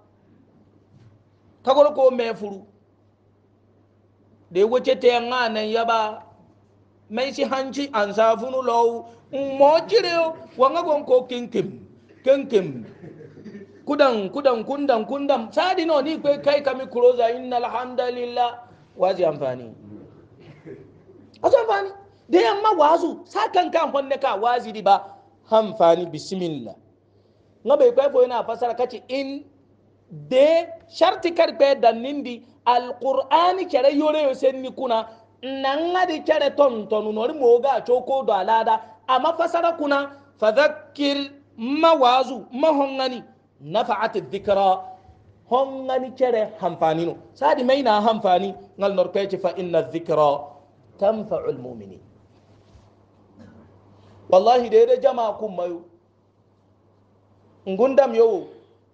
kagwar ko mai furu da ya wuce ta yanga nan ya ba mai si hanci an safunu lau mo jire wanga gon ko kinkim kinkim kudan kudan kundan kundan sadi no ni kai kai kami kuroza innal hamdalillah wazi amfani wazi amfani da yamma wazu sakan kan honne ka wazi di ba hamfani bismillah nga bai kwai fo na fasara kace in de sharti kar pe karpe nindi alqur'ani kare yore yo sen ni kuna nangadi kare ton ton no tonu nori moga choko do alada amma fasara kuna fadhakkir mawazu mahongani nafa'at dhikra hongani kere hamfani no sadi maina hamfani ngal norpe fa inna dhikra tanfa'u al-mu'minin wallahi da yadda jama'a kun mayo ngun dam yowo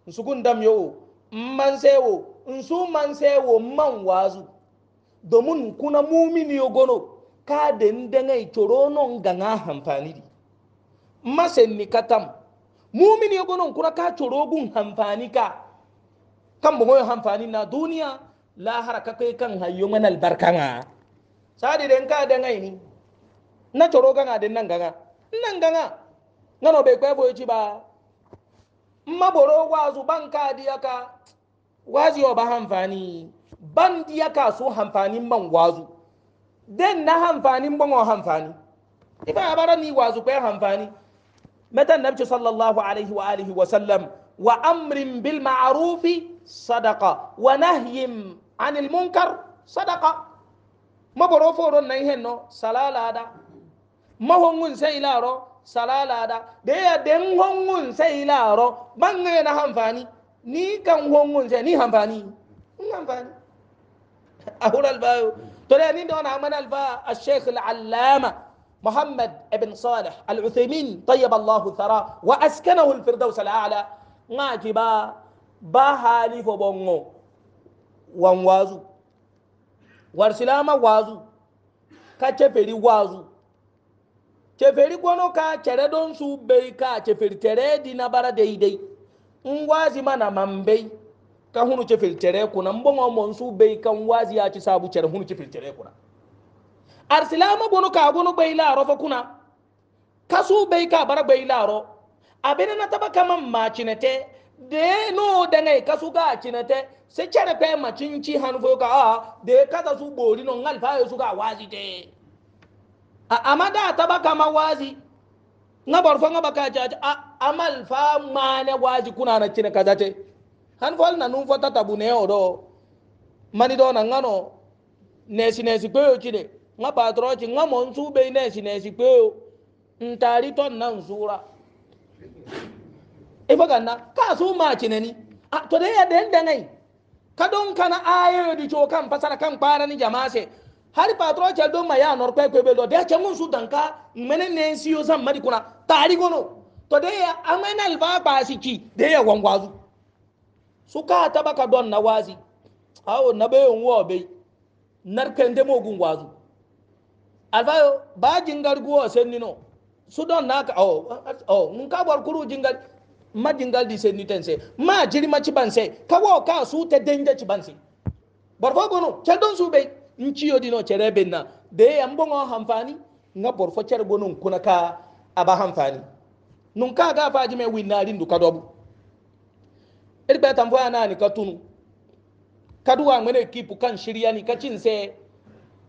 nsugun dam yowo man sewo nsu man sewo man wazu domin kuna mumini yo gono ka da ndanga ichoro no nganga hamfani di masen ni katam mumini yo gono kuna ka choro gun hamfani ka kan bongo hamfani na duniya la haraka kai kan hayyo man albarkanga sadi den ka da ngai na choro ganga den nan ganga nanganga ngano be kwe boy chiba maboro wazu banka diyaka wazi yo ba hamfani ban diyaka so hamfanin ban wazu den na hamfanin ban o hamfani iba abara ni wazu kwe hamfani mata nabci sallallahu alaihi wa alihi wa sallam wa amrin bil ma'rufi sadaqa wa nahyin anil munkar sadaqa maboro foro nan henno salalada mahongun sai laro salala da da ya den hongun sai laro bangare na hanfani ni kan hongun sai ni hanfani ni hanfani a hural bayo to da ni da wani amana alfa al-sheikh al-allama محمد ابن صالح العثيمين طيب الله ثراه وأسكنه الفردوس الأعلى ناكي با با حالي فبونغو وانوازو وارسلاما وازو كاتشفري وازو ceferi gono ka chere don su bei ka ceferi tere di na bara daidai ngwazi mana mambei ka hunu ceferi tere kuna mbongo mon su bei ka ngwazi ya ci sabu chere hunu ceferi tere kuna arsilama gono ka gono bei laro fa kuna kasu bei ka bara bei ro abena na taba kama macinete de no dangai kasu ga cinete se chere pe macinci hanu fo ka a ah, de kaza su bori no ngalfa su ga wazi te amma da ta baka ma wazi nga barfo nga baka jaji amal fa mane waji kuna na cine kajate han fol na nun fota tabu ne odo mani do na ngano nesi nesi kweyo chide nga patro chi nga mon su be nesi nesi kweyo ntari ton na nsura e faga na ka su ma chine ni a to de ya den den ai kadon kana ayo di cho kan fasara kan para ni jama'a se hari patron cɛ don ma ya nɔr kpɛ dɔ de cɛ ŋun su danka ŋmɛnɛ ne si yo san mari kunna taari kɔnɔ to de ya a ŋmɛnɛ liba kpaasi ci de ya wangwazu su ka taba ka dɔn na waazi awo na be yen wɔ be nar kente mo gun wazu alfa yo ba jingar guwo senni no su dɔn na ka ɔ ɔ nka bɔr kuru jingar ma jingal di senni tense ma jiri ma ci banse ka wɔ ka su tɛ den de ci banse bɔrfɔ kɔnɔ cɛ don su be yen nchiyo dino chere benna de ya mbongo hamfani nga borfo chere gonun kuna ka aba hamfani nun ka ga faji me winari ndu kadobu irbe tamfo ya nani katunu kaduwa ngene kipu kan shirya ni kacin se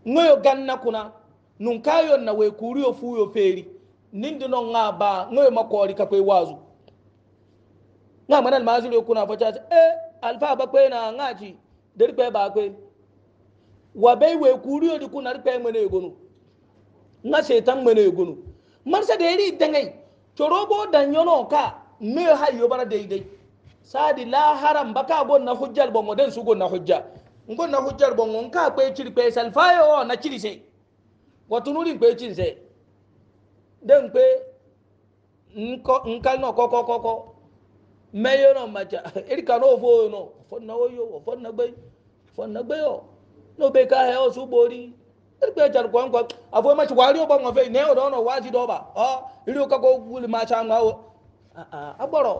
ngoyo ganna kuna nun kayo na we kuriyo fuyo feri nindi no nga ba ngoyo makori ka kwe wazu nga manan mazuri kuna facha eh alfa ba kwe na ngaji dirbe ba kwe wa bai wai kuriyo di kuna rufe mene egonu nga setan mene egonu marsa da yari dangai chorobo dan yono ka me ha yobara daidai sadi la haram baka gon na hujjal bongo den su gon na hujja ngon na hujjal bongo nka pe chiri pe salfayo na chiri se watunuri pe chin se den pe nko nkal no koko koko meyo no macha erika no fo no fo na oyo fo na gbe fo na gbe yo n'obeka ahịa ọsọ ugbo ori ekpe jar kwa nkwa afọ ema chikwa arị ụgba nwafe na enwere ọnọ waji dọba ọ iri ụka kwa gwuli macha nwa o agbọrọ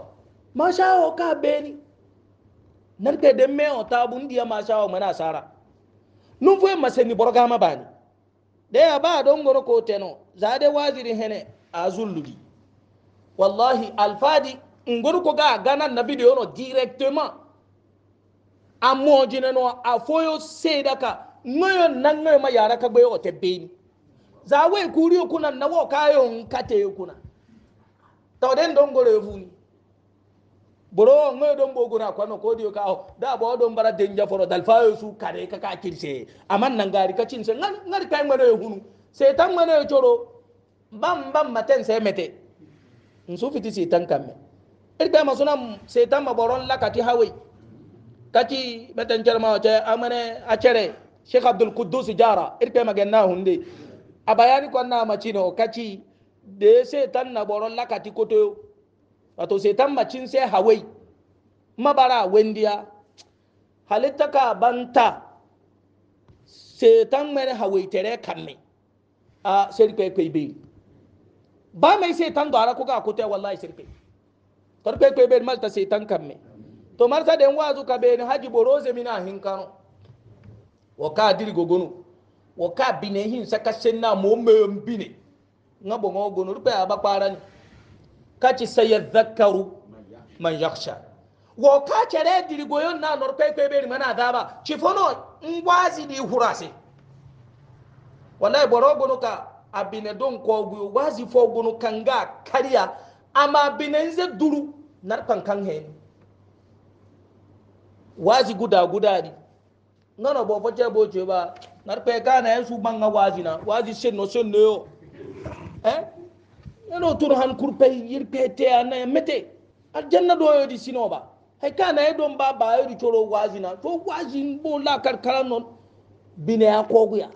macha ahụ ka beni na ekpe dị mme ọta bụ ndị ya macha ahụ mana asara n'ụfọ emasị ni bọrọ gama bani de ya ba don ngoro ko teno za da wajiri hene azullugi wallahi alfadi ngoro ko ga ganan na video no directement amma jina no afoyo sedaka ngoyo nan ngoyo ma yara ka gbeyo te beni za we kuri kuna na wo kayo nkate kuna to den don gore funi boro ngoyo don bogo na kwano ko diyo ka da bo don bara denja foro dal fayo su kare ka ka kirse amman nan gari ka cinse ngar kai ngoyo hunu setan ngoyo choro bam bam maten se mete nsu fiti setan kamme irda masuna setan maboron lakati hawai tati meten cerma ce amane a Sheikh abdul kudus jara irpe magenna hunde a bayani konna macino kaci de tan na boron lakati koto wato setan macin se hawai mabara wendiya halitta ka banta setan mere hawai tere kanne a sirpe kwebe ba mai setan dora ka kote wallahi sirpe torpe kwebe malta setan kanne to marsa den wazu ka be ni haji boroze mina hinkano wo ka diri gogono wo ka bine hin saka senna mo me nga ngabo ngo gono rupe aba para ni kaci sayadhakaru man yakhsha wo ka cere diri goyo na nor pe pe be mana daba chifono ngwazi di hurase wallahi boro gono ka abine don ko gu wazi fo gono kanga kariya ama bine nze duru nar kan kan waji guda guda di ngano bo foce bo ce ba narpe kana yan su banga waji na waji senno senno yo eh neno tun han kurpe yirpe te ana e mete aljanna do yo di sino ba hay kana e don ba ba yo di choro waji na to waji bo la kar karan non bine ya koguya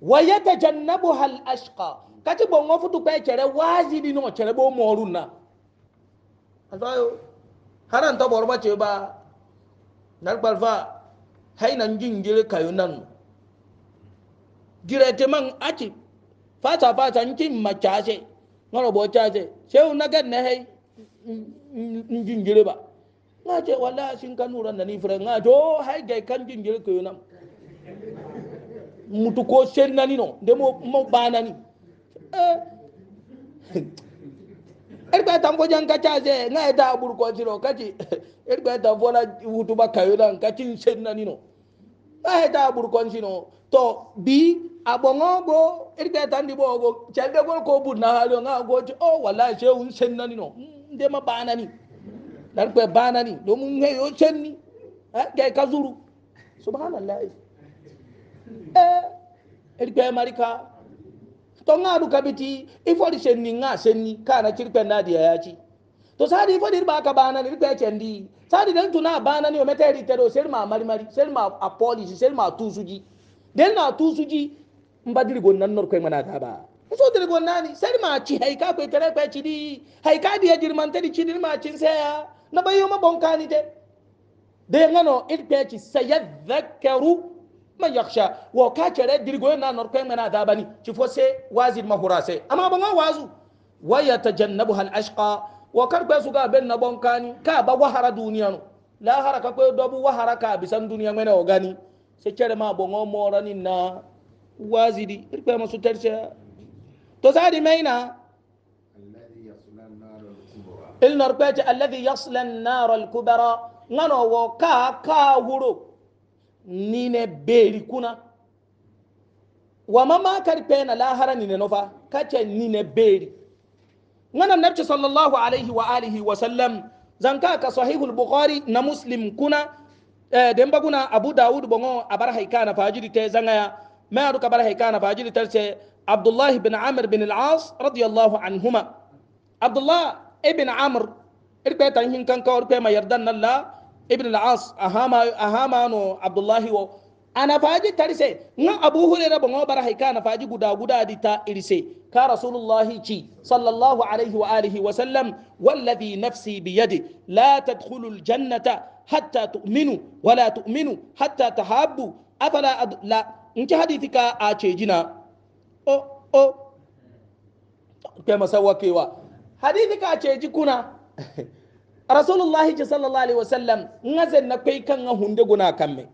wa yatajannabuha al ashqa kati bo ngo futu pe chere waji di no chere bo moruna azayo haran to borba ce ba narkpar fa hainan jingire kayo nan girete man aci fata fata nci ma case ngoro bo case sew na gan ne hay njingire ba nga ce wala sin kan nuran nani fere nga jo hay gay kan jingire kayo nan mutu ko sen nani no demo mo banani eh erikpe ta mfo jan kacha ase nga eta aburu kɔsi nɔ kati erikpe ta fɔla wutuba kayo la nkati sen naani nɔ nga eta aburu kɔsi nɔ tɔ bi abɔngɔ go erikpe ta ndi bɔ go cɛ bɛ kɔrɔ ko bu na hali nga ko ɔ wala se n sen naani nɔ n dema ba naani larikpe ba naani domu n ye o sen ni kɛ kazuru subhanallah ɛ eh, erikpe marika to ŋaadu kabiti ifori seni ŋa seni, kana cirkpen nadiya yaci to sadi ifo dir baka banani ri kwe cendi sadi den tuna banani o meteri tedo selma marimari selma a polisi selma tusuji den na tusuji mbadiri gon nan nor kwe mana taba so dir gon nani selma ci haika kwe tere kwe cidi haika di ya jirman tedi cidi ma cin seya na bayo ma bonkani te de ngano it kwe ci sayadhakaru ma yaksha wo ka kere dirgo na nor ko mena da bani ci fo se wazid ma hurase amma ban wazu wa yatajannabuha al ashqa wa karba suga ben na bonkani ka ba wahara duniya no la haraka ko dobu wahara ka bisan duniya mena o gani se kere ma bongo morani na wazidi irbe masu terce to zadi maina ilnar kwace alladhi yasla an-nar al-kubra ngano wo ka ka huro nine beri kuna wama ma karpe na lahara nine nofa kace nine beri ngana nabci sallallahu alaihi wa alihi wa sallam zanka ka sahihul bukhari na muslim kuna eh, demba kuna abu daud bongo abar haikana fajiri te zangaya ma adu kabar haikana fajiri terse abdullah ibn amr bin al-as radiyallahu anhuma abdullah ibn amr irpe tan hin kan ka irpe ma yardan Allah ibn al-as ahama ahama no abdullahi wo ana faji tarise nga abu hurairah bon bara hay kana faji guda guda dita irise ka rasulullahi ci sallallahu alaihi wa alihi wa sallam والذي نفسي بيده لا تدخلوا الجنه حتى تؤمنوا ولا تؤمنوا حتى تحابوا افلا أد... لا انت حديثك اچيجنا او او كما سوى كيوا حديثك اچيجكنا rasulullahi ji sallallahu alaihi wasallam ngazen na kai kan hunde guna kamme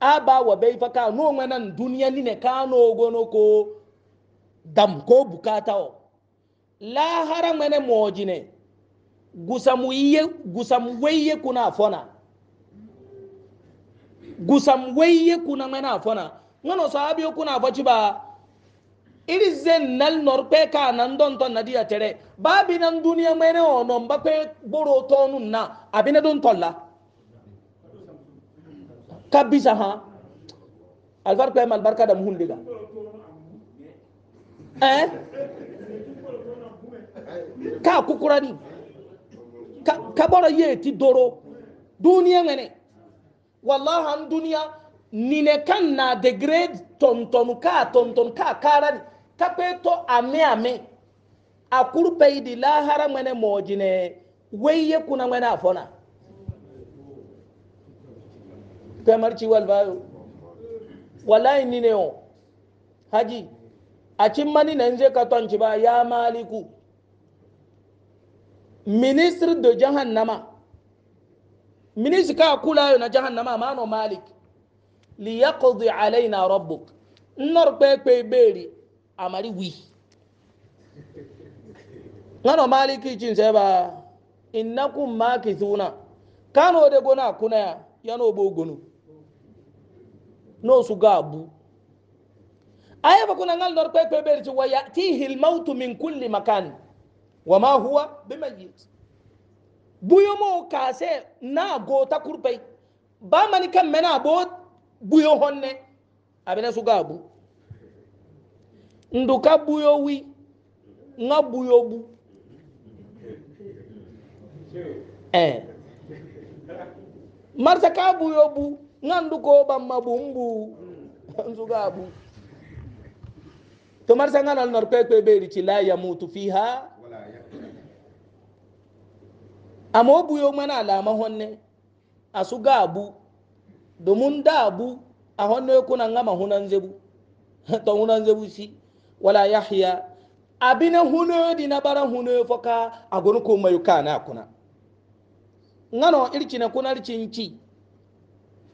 aba wa bai fa ka no nan duniya ni ne kano gono ko dam ko bukata o la haram ne moji ne gusamu iye gusamu weye kuna fona gusamu weye kuna mena fona ngano sahabi kuna faci ba iri zen nal nor pe ka nan don ton nadiya tere babi nan duniya mene ono mba pe boro tonu na abine don tolla kabisa ha alvar pe mal barka da muhun diga eh ka kukurani ka, ka boro ye ti doro duniya mene wallahi an duniya ne kan na degrade tonton ka tonton ka karani tapeto ame ame a kurbaydi lahara ŋmene moojine weyye kuna ŋmene a fona kemarci walbayo wallahi nine o haji a cimmani nanze ka tonci ba ya maliku ministre de jahannama ministre ka kulayo na jahannama mano malik liyaqdi alaina rabbuk nnor kpekpe beeri amari wi ngano maliki cin sai ba innakum makithuna kano de gona kuna ya yano bo gonu no su gabu aya ba kuna ngal dor kwe kwe berci wa yatihi al min kulli makan wa ma huwa bimayyit buyo mo kase na gota kurpai ba mani kan mena bo buyo honne abina su gabu nduka buyowi nga buyobu eh marsa ka buyobu nga nduko ba mabu mbu nzuga bu to marsa nga nal nor pepe beri ci la yamutu fiha amo buyo mana alama honne asuga abu domin da abu a honne kuna ngama hunan zebu to hunan zebu si wala yahya abina huno di na bara huno foka agon ko mayu kana kuna ngano irki na kuna irkinki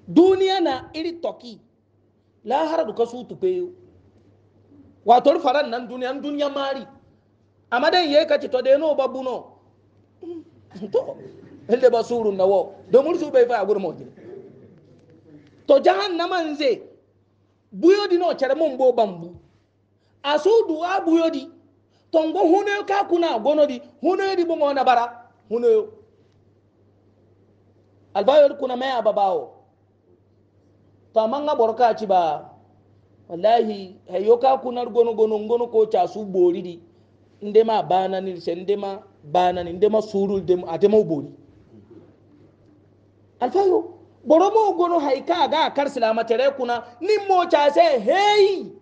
duniya na iri toki la haradu kasu tupeyo wato faran nan duniya duniya mari amadan yayi kaci to de no babuno to helde ba surun nawo domin su bai fa gurmo gine to jahannama nze buyo dino cere mun bo bambu asudu abuyodi tongo hunoyo ka kuna gonodi hunoyodi bogona bara hunoyo albayol kuna mai ababawo to amma nga boro ka ciba wallahi hayo ka kuna gono gono gono ko casu boridi ndema banani se ndema banani ndema surul dem atema bori alfayo boromo gono haika ga kar silama tere kuna cha se heyi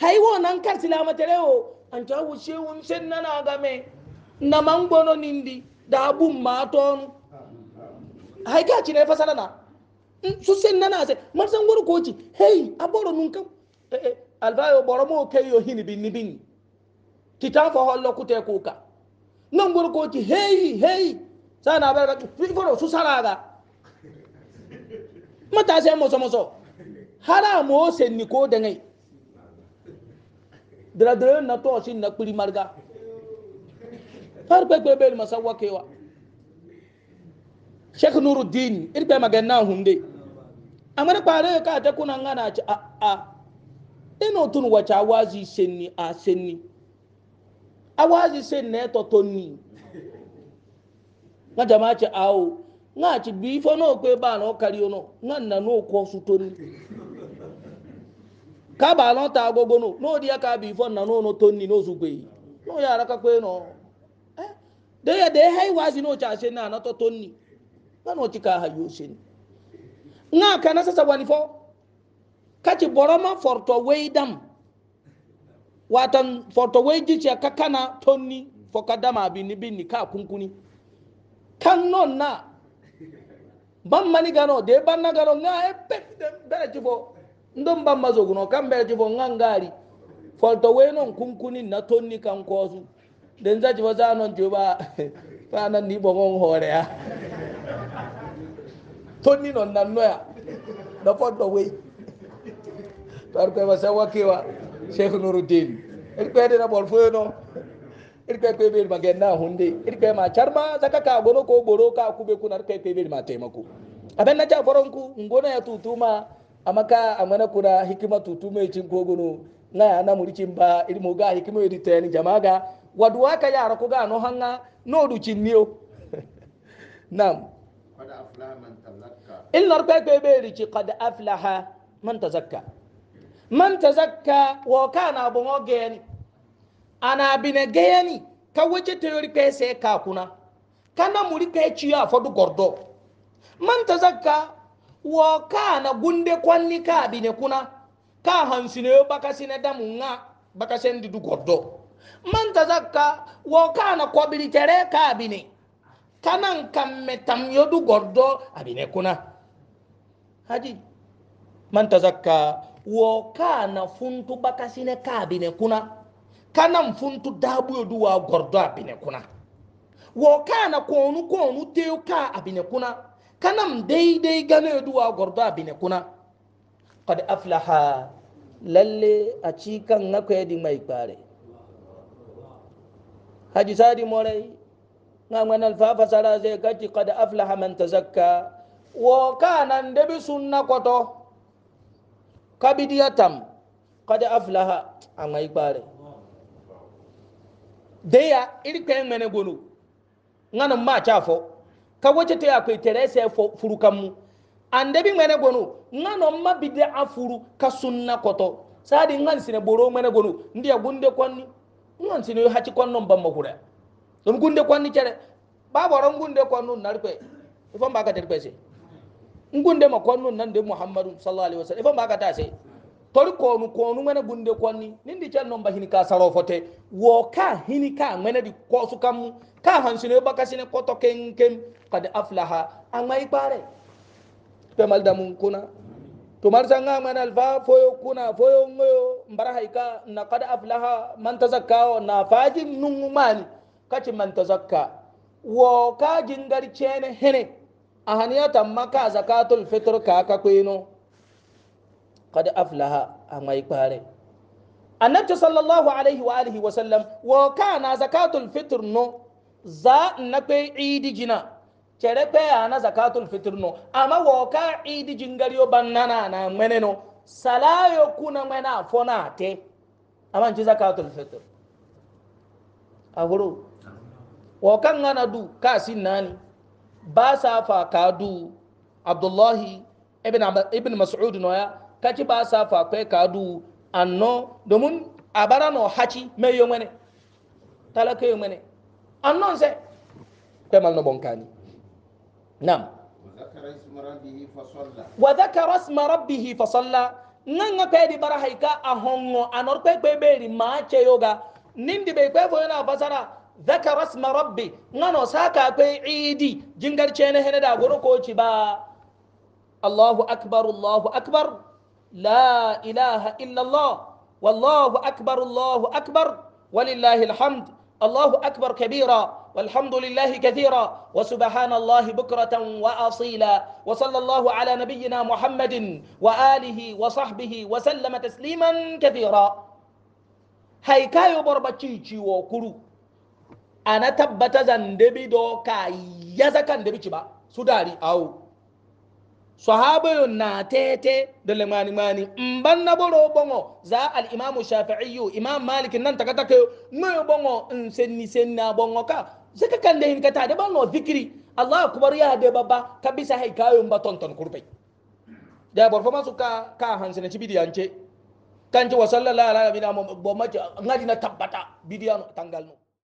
haiwo nan kar silama terewo an ta wuce wun sen na na game na man gbono nindi da abun ma ton hai ga ci ne fasara na hmm, su sen na na se man san goro koci hey aboro nun kam eh, eh, albayo boro mo kai yo hini bin ni bin titan fa hollo kute kuka nan goro koci hey hey sana bar ba foro su saraga mata sai moso moso haramu o sen ni ko da dira dira na to sin na kuli marga har pe pe bel masawa kewa sheikh nuruddin irbe magana hunde amar kware ka ta kuna ngana ci a a ino e tun wacha wazi senni a senni a wazi sen ne to tonni nga jama ci awo nga ci bi fo no kwe ba no kariyo no nga na no ko su tonni kaba lọta agbogbonu no dia ka bi fon na no no tonni no zugwe no ya raka kwe no eh de ya de hai wazi no cha se na na to n'i na no tika ha yo se na kana sasa wani fo kati boroma forto weidam watan forto weiji cha kakana tonni fo kadama bi ni bi ni ka kunkuni kan non na ban mani gano de ban na gano nga e pe bere jibo Ndom bamma soguno kamɓere ti ngangari, ganngari folto wey noon kunkuni na tonni kan koosu nden sati fo sa noon tiɓa fanan ni ɓogon hooreya tonni non nannoya ya, fodɗo wey we, koye ma sawa kewa cheikh nouroudine eɗi kweɗena ɓol foyo noon eɗi kwe kweɓeɗi ma genna hunde eɗi kwe ma carma saka ka gono ko ɓoro ka kuɓe kuna aɗa kwe kweɓeɗi ma temako aɓen nacca foronku ngonoya tutuma amaka amana kuna hikima tutume cin kogono na ya na murikin ba irmo ga hikima yidi tayani ga waduwa ka yara ko ga no hanga no du niyo nam qad aflaha man tazakka il nar be be be ri ci qad aflaha man tazakka man tazakka wa kana bongo geni ana bine geni ka wace teori se ka kuna kana muri ke ciya fodu gordo man tazakka wo kana gunde kwalli ka bine kuna ka hansine bakasine damu nga bakasendi du goddo man tazakka wo kana kobiri tere ka bine kanan kamme tamyo du goddo abine kuna haji man tazakka wo kana funtu bakasine ka bine kuna kanan funtu dabuyo du wa gordo abine kuna wo kana konu konu teo ka abine kuna kanam daidai gane duwa gordo abine kuna qad aflaha lalle a cikan ngako yadi mai kare haji sadi morai ngamman alfafa sara zai gaci qad aflaha man tazakka wo kanan debi sunna koto kabidiyatam qad aflaha a mai kare deya irkan mene gonu ngana ma chafo ka wace te akwai teresa furu kanmu andebi ŋmene gonu ŋa no ma bide a furu ka sunna koto sadi ŋan sine boro ŋmene gonu ndiya gunde kwanni ŋan sine haci kwannon bamma hura dom gunde kwanni cere baboron gunde kwannu narpe ifon baka terpe se ngunde ma kwannu nan de muhammadu sallallahu alaihi wasallam ifon baka ta se tori konu konu ŋmene gunde kwanni nindi cel non ba hini ka saro fote ka hini ka di kosu kammu ka hansune bakasine koto ken ken kad aflaha amai pare to maldamun kuna to marsanga man alfa foyo kuna foyo ngoyo mbara haika na kad aflaha man tazakka na fajin nungumani kaci man tazakka wo ka jingar cene hene ahaniyata maka zakatul fitr ka ka kweno kad aflaha amai pare annabtu sallallahu alaihi wa alihi wa sallam wo kana zakatul fitr no za na pe idi jina kere pe ana zakatul fitr no ama wo ka idi jingari o banana na mene no salayo kuna mena fona te ama nji zakatul fitr agoro wo kan ngana du ka sin nani ba sa fa ka du abdullahi ibn ibn mas'ud no ya kaci ba sa fa pe ka du anno domun abara no haci me yo mene talaka yo mene annonce temal no bonkani nam wa dhakara isma rabbihi fa salla nanga kedi bara haika a hongo anor kwe kwe beri ma che yoga nindi be kwe foyona basara dhakara isma rabbi ngano saka kwe idi jingar chene hene da goro ko ci ba allahu akbar allahu akbar la ilaha illa allah والله أكبر الله أكبر ولله الحمد الله أكبر كبيرا والحمد لله كثيرا وسبحان الله بكرة وأصيلا وصلى الله على نبينا محمد وآله وصحبه وسلم تسليما كثيرا هاي كايو cici wa kuru ana tabbata zan dabi do ka سوداري أو sahabayo na tete da limani mani in na boro bongo za al imam shafi'i imam malik nan taka taka mai bongo in senni senna bongo ka zaka kan da hin kata da ban no zikiri allah akbar ya da baba ka bisa hai kayon ba tonton kurbai da bor fa masu ka ka hansu na ci bidiyance kan ci wa sallallahu alaihi wa sallam bo ma ngaji na tabbata bidiyan tangal no